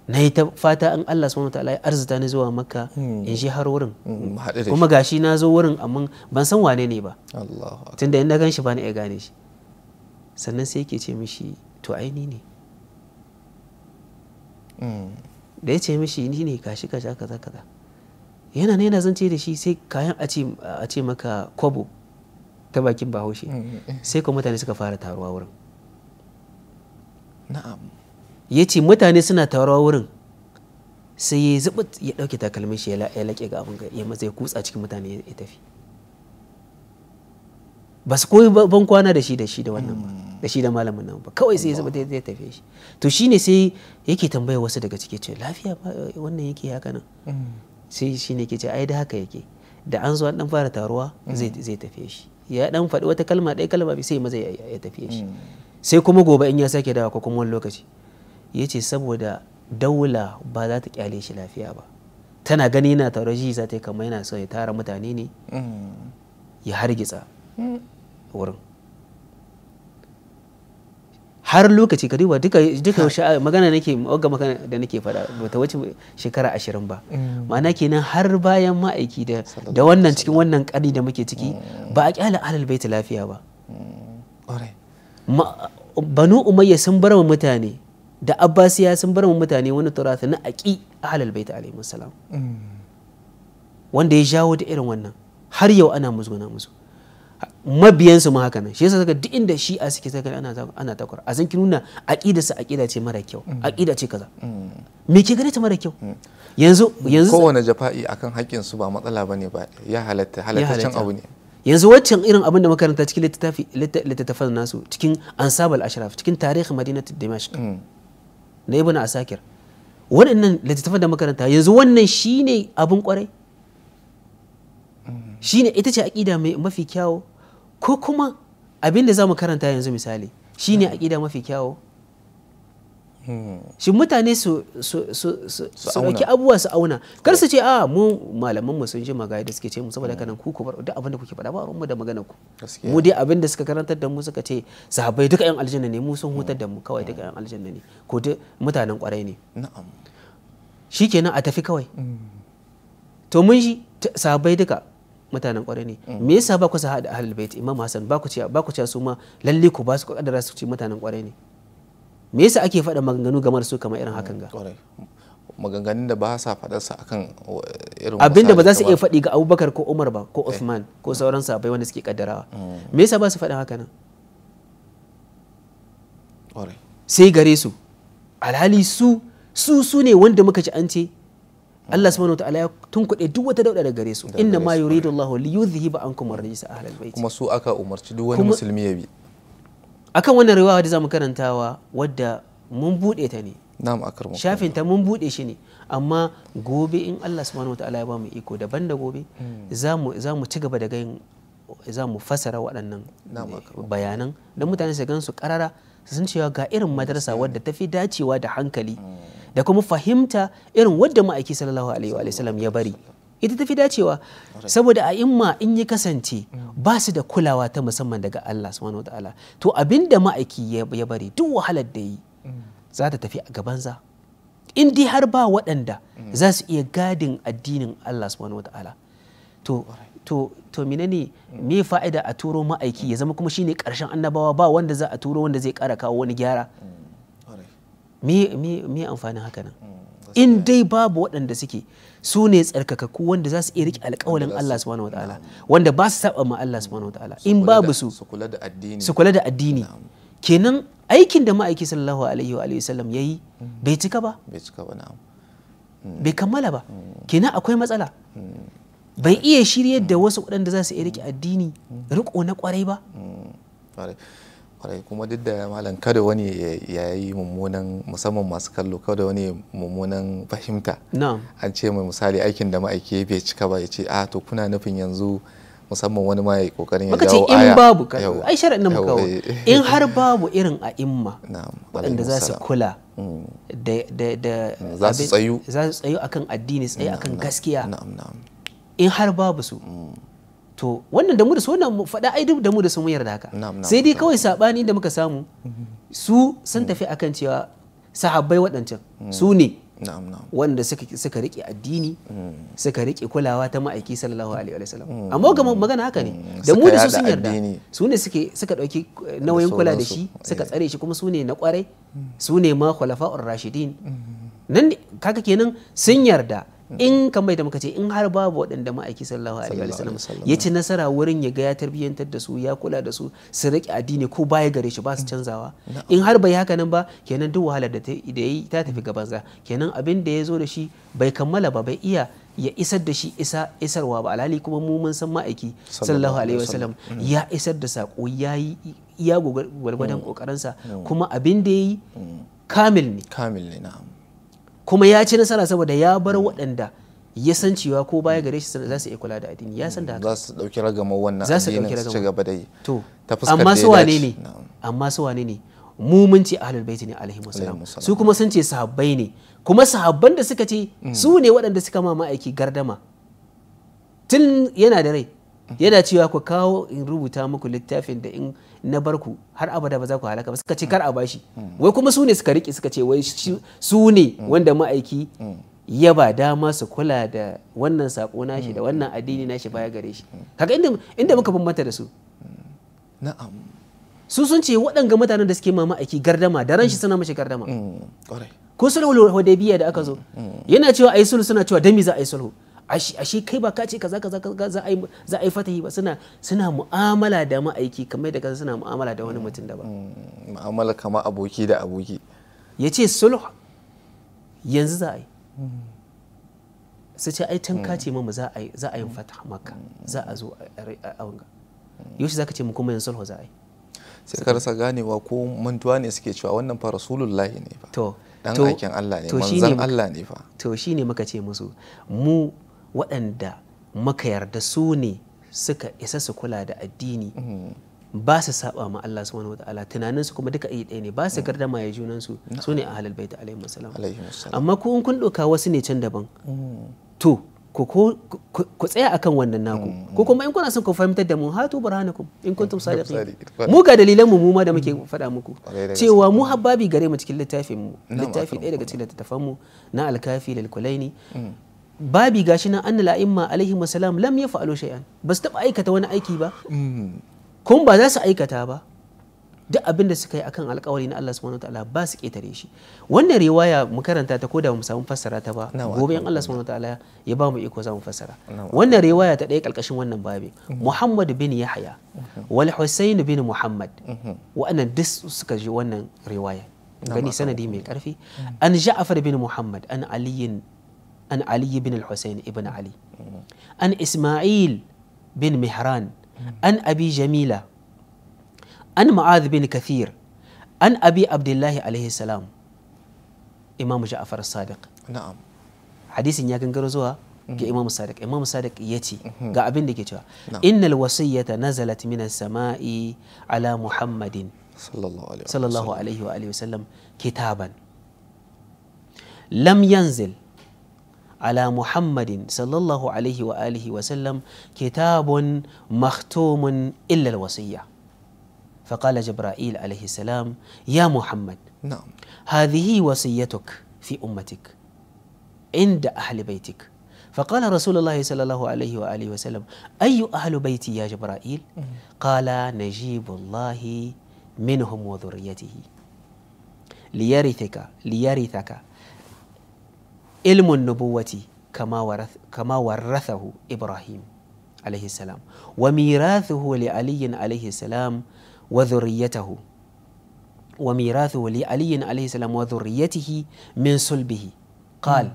na yi ta fata an Allah subhanahu ta'ala ya arzuta ni zuwa makka mm-hmm. in shi har wurin kuma gashi na zo wurin amma ban san wane ne ba tunda in na gan shi ba na iya gane shi sannan sai yake ce mishi to aini ne mm. da ya ce mishi ni ne kashi kaza kaza kaza yana ne na zance da shi sai kayan a ce maka kobo ta bakin bahaushe mm, mm, mm. sai kuma mutane suka fara taruwa wurin na'am ya ce mutane suna taruwa wurin sai ya zuba ya dauke takalmin shi ya laƙe ga abin ya matsa ya kutsa cikin mutane ya tafi ba su koyi ban kwana da shi da shi da wannan ba da shi da malamin nan ba kawai sai ya zuba ya tafi shi to shine sai yake tambaya wasu daga ciki ce lafiya wannan yake haka nan sai shine yake ce ai da haka yake da an zo an dan fara taruwa zai tafi shi ya dan faɗi wata kalma ɗaya kalma bi sai maza ya tafi shi mm. sai kuma gobe in ya sake dawa ko kuma wani lokaci yace saboda daula ba za ta kyale shi lafiya ba tana gani yana tare shi za ta yi kamar yana so ya tara mutane ne mm. ya hargitsa mm. wurin har lokaci ka duba duka duka magana nake magana da nake fada bata wace shekara ashirin ba mm. ma'ana kenan har bayan ma'aiki da da wannan cikin wannan kari da muke ciki mm. ba a kyala alal baiti lafiya ba mm. banu umayya sun bar mutane da abbasiya sun bar mutane wani turata na aki ahlal baiti alaihi salam wanda ya jawo da irin wannan har yau ana muzuna musu mabiyansu ma haka nan shi yasa saka duk inda shi a suke saka ana ana takwar a zan ki nuna aqida sa aqida ce mara kyau mm. aqida ce kaza mm. me ke gane ta mara kyau mm. yanzu yanzu kowane jafa'i akan haƙƙin su ba matsala bane ba ya halatta halattacin abu ne yanzu waccan irin abin da makaranta cikin littafi littattafan nasu cikin ansabal ashraf cikin tarihi madinatu dimashq na ibn asakir waɗannan littattafan da makaranta yanzu wannan shine abin kwarai Shi ne ita ce aƙida mafi kyawo ko kuma abin da za mu karanta yanzu misali shi ne hmm. aƙida mafi kyawo hmm. shi mutane su ɗauki abubuwa su auna kar su ce a mu malaman mu sun ji magana da suke ce mu saboda kanan ku ku bar duk abin da kuke faɗa ba mu da magana ku mu dai abin da suka karantar da mu suka ce sahabbai duka yan aljanna ne mu sun hutar da mu kawai duka yan hmm. aljanna ne ko duk mutanen kwarai ne Shi kenan a tafi kawai to mun shi sahabbai duka mutanen kwarai ne mm. me yasa ba ku sa hada ahlul bait imam hasan ba ku ce ba ku ce su ma lalle ku ba su kaddara su ce mutanen kwarai ne me yasa ake faɗa maganganu game su kamar irin hakan ga mm, maganganun da ba sa faɗar sa akan uh, irin abinda ba za su iya faɗi ga Abubakar ko Umar ba ko eh. usman ko sauran sahabbai wanda suke kaddarawa mm. me yasa ba su faɗin haka nan sai gare su alhali su su su ne wanda muka ci an ce Allah subhanahu ta'ala ya tunkuɗe duk wata dauda daga gare su inna ma yuridu Allahu li yudhhiba ankum ar-rijsa ahlal bayt kuma su aka umarci duk wani musulmi ya bi akan wannan riwaya da zamu karantawa wadda mun bude ta ne na'am akram shafin ta mun bude shi ne amma gobe in Allah subhanahu ta'ala ya ba mu iko daban da gobe hmm. zamu zamu ci gaba da gayin za mu fasara waɗannan bayanan don mutane su gan su karara su san cewa ga irin madrasa wadda ta fi dacewa da hankali hmm. da kuma fahimta irin wadda ma'aiki sallallahu alaihi wa sallam ya bari ita tafi dacewa saboda a imma in yi kasance ba su da kulawa ta musamman daga Allah subhanahu wataala to abinda ma'aiki ya bari duk wahalar da yi za ta tafi a banza in dai har ba waɗanda za su iya gadin addinin Allah subhanahu wataala to to to menene me fa'ida a turo ma'aiki ya zama kuma shine karshen annabawa ba wanda za a turo wanda zai kara kawo wani gyara me amfanin haka nan mm, in dai babu waɗanda suke su ne tsarkakakku wanda za su iya riƙe alƙawalin Allah subhanahu ta'ala wanda ba su saba ma Allah subhanahu ta'ala in babu su su kula da addini kenan aikin da ma'aiki sallallahu alaihi wa alihi sallam yayi mm. bai cika ba bai cika ba na'am mm. bai kammala ba kenan akwai matsala bai iya shiryar da wasu waɗanda za su iya riƙe addini riƙo na ƙwarai ba kwarai kuma duk da malam kada wani ya yi mummunan musamman masu kallo kada wani mummunan fahimta an ce mai misali aikin da ma'aiki bai cika ba ya ce a ah, to kuna nufin yanzu musamman wani ma ya kokarin ya jawo aya in babu ai sharaɗin nan muka in har babu irin a imma waɗanda za su kula mm. da mm, za su tsayu za su tsayu akan addini tsaye akan gaskiya in har babu su mm. to wannan da mu da su wannan faɗa ai duk da mu da su mun yarda haka sai dai kawai sabani da muka samu su sun tafi akan cewa sahabbai waɗancan su ne wanda suka rike addini mm. suka rike kulawa ta ma'aiki sallallahu alaihi wa sallam mm. amma ga magana haka ne mm. da mu da su sun yarda su ne suke suka dauki nauyin kula da shi suka eh. tsare shi kuma su ne na kwarai su ne ma khulafa'ur rashidin nan kaga kenan sun yarda in kamar da muka ce in har babu waɗanda ma'aiki sallallahu alaihi wasallam ya ci nasara wurin ya ga ya tarbiyyantar da su ya kula da su su riƙe addini ko baya gare shi ba su canzawa in har bai haka nan ba kenan duk wahalar da ya yi ta tafi gaban za kenan abin da ya zo da shi bai kammala ba bai iya ya isar da shi isa isarwa ba alhali kuma mu mun san ma'aiki sallallahu alaihi wasallam mm. ya isar da sako ya yi iya gwargwadon kokarinsa mm. mm. kuma abin da ya yi kamil ne kamil ne na'am kuma ya ci nasara saboda ya bar waɗanda ya san cewa ko baya gare shi za su iya kula da addini ya san da haka za su dauki ragama wannan addinin su ci gaba da yi to amma su wane ne amma su wane ne mu mun ce ahlul baiti ne alaihi wasallam su kuma sun ce sahabbai ne kuma sahabban da suka ce mm. su ne waɗanda suka ma ma'aiki gardama tun yana da rai mm. yana cewa ku kawo in rubuta muku littafin da in na barku har abada ba za ku halaka ba suka ce kar a bashi wai kuma su ne suka riƙe suka ce wai su ne wanda ma'aiki ya ba dama su kula da wannan saƙo nashi da wannan addini nashi baya gare shi kaga inda inda muka bambanta da su na'am su sun ce waɗanga mutanen da suke ma ma'aiki gardama da ran shi suna mashi gardama mm, mm, ko sulhu hudaybiya da aka zo mm, yana cewa ai sulhu suna cewa dami za a yi sulhu ashe kai ba ka ce kaza kaza za a yi za a yi fatahi ba suna suna mu'amala da ma'aiki kamar da kaza suna mu'amala da wani mutum da ba mm, mu'amala kamar aboki da aboki ya ce sulh yanzu za a yi mm. su ce ai tun mm. ce mamu za a yi za a yi fatah maka za a zo a wanga yau za ka ce mu kuma yanzu sulh za a yi sai ka rasa ganewa ko mantuwa ne suke cewa wannan fa rasulullahi ne fa to dan aikin Allah ne manzon Allah ne fa to shine muka ce musu mu waɗanda muka yarda su ne suka isa su kula da addini mm-hmm. ba su saba ma Allah subhanahu wataala tunanin su kuma duka iya ɗaya ne ba su mm-hmm. gardama ya junan su su ne ahlul bait alaihi wasallam amma ko in kun doka wasu ne can daban mm-hmm. to ku tsaya akan wannan naku ko kuma in kuna son ku fahimtar da mu hatu burhanakum in kuntum sadiqin mu ga dalilan mu mu ma da muke faɗa muku cewa mu habbabi gare mu cikin littafin mu littafi ɗaya daga cikin littafan mu na alkafi lil kulaini babi gashi nan anna a'imma alaihi wasalam lam yaf'alu shay'an ba su taba aikata wani aiki ba Kun ba za su aikata ba duk abin da suka yi akan alkawari na Allah subhanahu wataala ba su ketare shi wannan riwaya mu karanta ta da mu samu fassara ta ba gobe in Allah subhanahu wataala ya ba mu iko za fassara wannan riwaya ta ɗaya ƙarƙashin wannan babi mhm. Muhammad bin Yahya mhm. wal Husayn bin Muhammad mhm. wa'annan duk suka ji wannan riwaya gani sanadi mai karfi an Ja'far bin Muhammad an aliyin عن علي بن الحسين ابن علي عن إسماعيل بن مهران عن أبي جميلة عن معاذ بن كثير عن أبي عبد الله عليه السلام إمام جعفر الصادق نعم حديث يا كنغرزوا كإمام الصادق إمام الصادق يتي قا أبن نعم. إن الوصية نزلت من السماء على محمد صلى الله عليه وسلم. صلى الله عليه وآله وسلم كتابا لم ينزل على محمد صلى الله عليه وآله وسلم كتاب مختوم إلا الوصية فقال جبرائيل عليه السلام يا محمد نعم هذه وصيتك في أمتك عند أهل بيتك فقال رسول الله صلى الله عليه وآله وسلم أي أهل بيتي يا جبرائيل قال نجيب الله منهم وذريته ليرثك ليرثك علم النبوة كما ورث كما ورثه إبراهيم عليه السلام وميراثه لعلي عليه السلام وذريته وميراثه لعلي عليه السلام وذريته من صلبه قال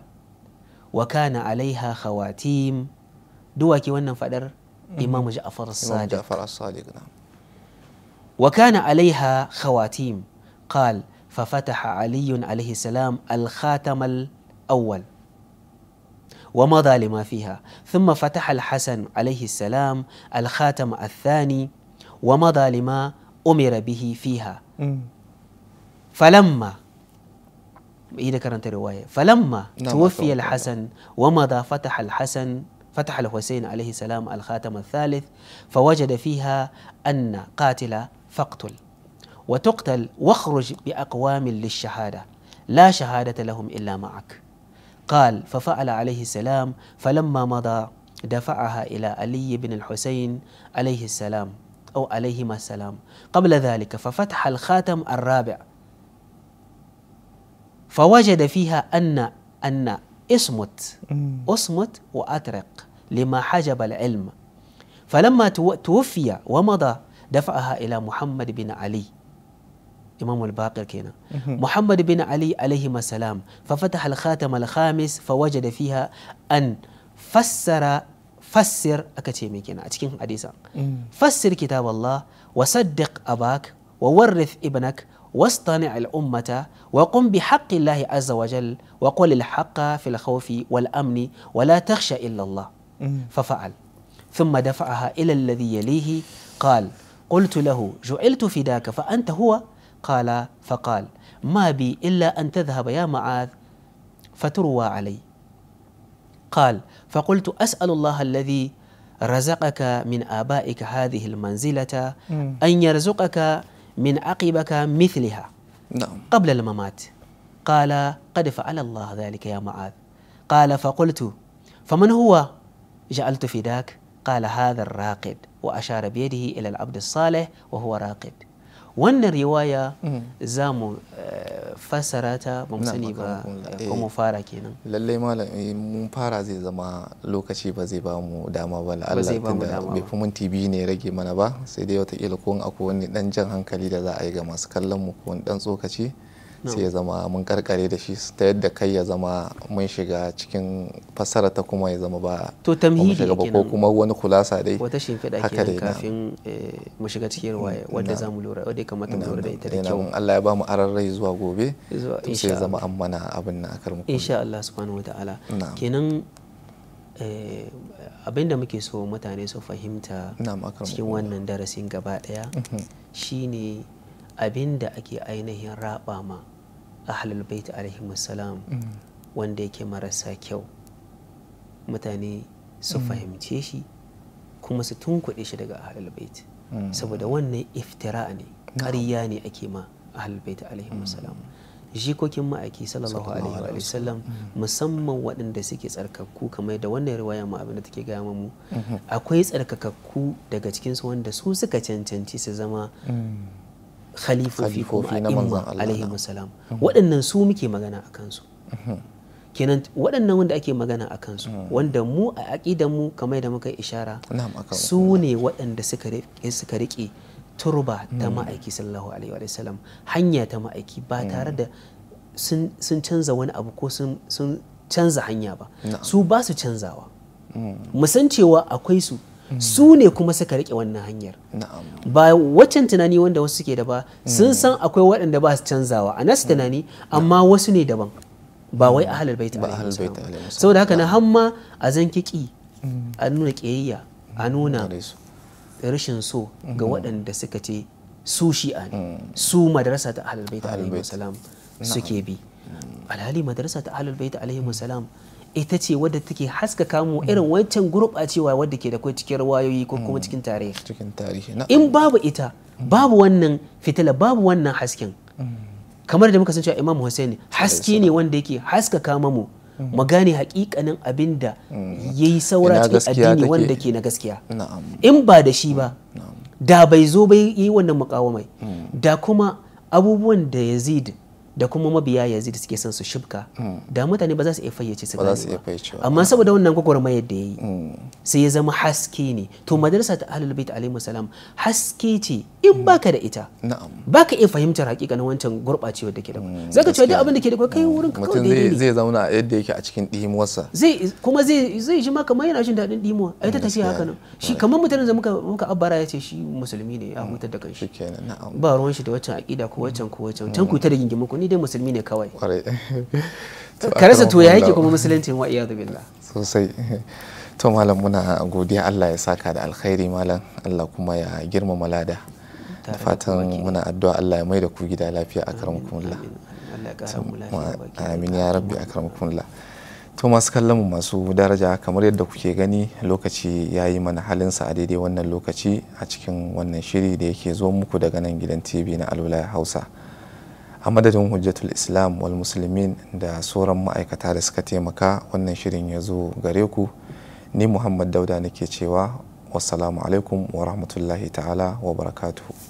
وكان عليها خواتيم دوكي wannan فدر إمام جعفر الصادق جعفر الصادق نعم وكان عليها خواتيم قال ففتح علي عليه السلام الخاتم الأول ومضى لما فيها ثم فتح الحسن عليه السلام الخاتم الثاني ومضى لما أمر به فيها فلما إذا كانت الرواية فلما نعم، نعم، توفي نعم. الحسن ومضى فتح الحسن فتح الحسين عليه السلام الخاتم الثالث فوجد فيها أن قاتل فاقتل وتقتل واخرج بأقوام للشهادة لا شهادة لهم إلا معك قال ففعل عليه السلام فلما مضى دفعها إلى علي بن الحسين عليه السلام أو عليهما السلام قبل ذلك ففتح الخاتم الرابع فوجد فيها أن أن اصمت اصمت وأطرق لما حجب العلم فلما توفي ومضى دفعها إلى محمد بن علي إمام الباقر كينا محمد بن علي عليهما السلام ففتح الخاتم الخامس فوجد فيها أن فسر فسر أكتيمي كينا أتكين حديثا فسر كتاب الله وصدق أباك وورث ابنك واصطنع الأمة وقم بحق الله عز وجل وقل الحق في الخوف والأمن ولا تخشى إلا الله ففعل ثم دفعها إلى الذي يليه قال قلت له جعلت فداك فأنت هو قال فقال ما بي إلا أن تذهب يا معاذ فتروى علي قال فقلت أسأل الله الذي رزقك من آبائك هذه المنزلة أن يرزقك من عقبك مثلها نعم. قبل الممات قال قد فعل الله ذلك يا معاذ قال فقلت فمن هو جعلت فداك قال هذا الراقد وأشار بيده إلى العبد الصالح وهو راقد wannan riwaya mm. za mu eh, fassara ta ba mu sani ba ko mu eh, fara kenan lallai malam eh, mun fara zai zama lokaci ba zai ba mu dama ba la'alla tunda bai fi minti biyu ne rage mana ba sai dai wata ko akwai wani dan jan hankali da za a yi ga masu kallon mu ko wani dan tsokaci sai ya zama mun karkare da shi ta yadda kai ya zama mun shiga cikin fasara ta kuma ya zama ba to tamhidi ba ko kuma wani kulasa dai wata shimfiɗa kenan kafin eh, mu shiga cikin ruwaya mm, wanda zamu lura wanda kamata mu lura da ita da kyau Allah ya ba mu ararrai zuwa gobe sai ya zama an mana abin na akar mu insha Allah subhanahu wataala kenan eh, abin da muke so mutane su fahimta cikin wannan darasin gaba daya mm-hmm. shine abin da ake ainihin raba ma ahlul bait salam mm. wanda yake marasa kyau mutane su mm. fahimce shi kuma su tunkuɗe shi daga ahlul bait mm. saboda wannan iftira ne ƙarya ne ake ma ahlul bait salam jikokin ma'aiki sallallahu alaihi wa sallam musamman waɗanda suke tsarkakku kamar da wannan riwaya mu abin da take gaya mu mm-hmm. akwai tsarkakakku daga cikinsu wanda su suka cancanci su zama khalifofi ko a'imma alaihi mhm. waɗannan su muke magana a kansu mhm. kenan waɗannan wanda ake magana a kansu mhm. wanda mu a aƙidan mu kamar da muka ishara su ne waɗanda suka riƙe turba ta ma'aiki sallallahu alaihi wa sallam hanya ta ma'aiki ba tare da sun canza wani abu ko sun canza hanya ba su ba su canzawa musan cewa akwai su su ne kuma suka rike wannan hanyar ba waccan tunani wanda wasu suke da ba sun mm. san akwai waɗanda ba su canzawa a nasu mm. tunani amma wasu ne daban ba wai a halar baita saboda haka na hamma a zan kiki mm. a nuna ƙeyayya a nuna rashin so ga waɗanda suka ce su shi'a ne su madarasa ta halar baita salam suke bi alhali madarasa ta halar baita alaihi salam ita ce wadda take haska mu mm. irin wancan gurɓacewa wadda ke da kai cikin rawayoyi ko kuma mm. cikin tarihi cikin tarihi in babu ita mm. babu wannan fitila babu wannan hasken kamar da muka san cewa Imam Hussein haske ne wanda yake haska kama mu mu gane hakikanin abin da yayi saura cikin addini wanda ke na gaskiya in ba da shi ba da bai zo bai yi wannan mukawamai da kuma abubuwan da Yazid da kuma mabiya da suke son su shibka mm. da mutane ba za su iya fayyace su gani ba amma mm. saboda wannan gwagwarmayar da yayi mm. sai ya zama haske ne to madrasa ta ahlul bait alaihi salam haske ce in baka da ita baka iya fahimtar hakika na wancan gurbacewar da ke da zaka ce duk abin da ke da kai wurin ka kawai Mutum zai zauna yadda yake a cikin dimuwarsa zai kuma zai zai ji maka mai yana jin daɗin dimuwa ai ta tafiya haka nan shi kamar mutanen da muka muka abbara ya ce shi musulmi ne ya mutar da kanshi ba ruwan shi da waccan aqida ko waccan ko waccan can ta da gingimin ku ni dai musulmi ne kawai ka to ya yake kuma musulunci wa iyadu billah sosai to malam muna godiya Allah ya saka da alkhairi malam Allah kuma ya girmama lada fatan muna addu'a Allah ya maida ku gida lafiya a karamukunla amin ya rabbi a karamukunla to masu kallon mu masu daraja kamar yadda kuke gani lokaci ya yi mana halin sa a daidai wannan lokaci a cikin wannan shiri da yake zo muku daga nan gidan tv na alwala hausa a madadin hujjatul islam wal musulmin da sauran ma'aikata da suka taimaka wannan shirin ya zo gare ku ni muhammad dauda nake cewa wassalamu alaikum wa rahmatullahi ta'ala wa barakatuhu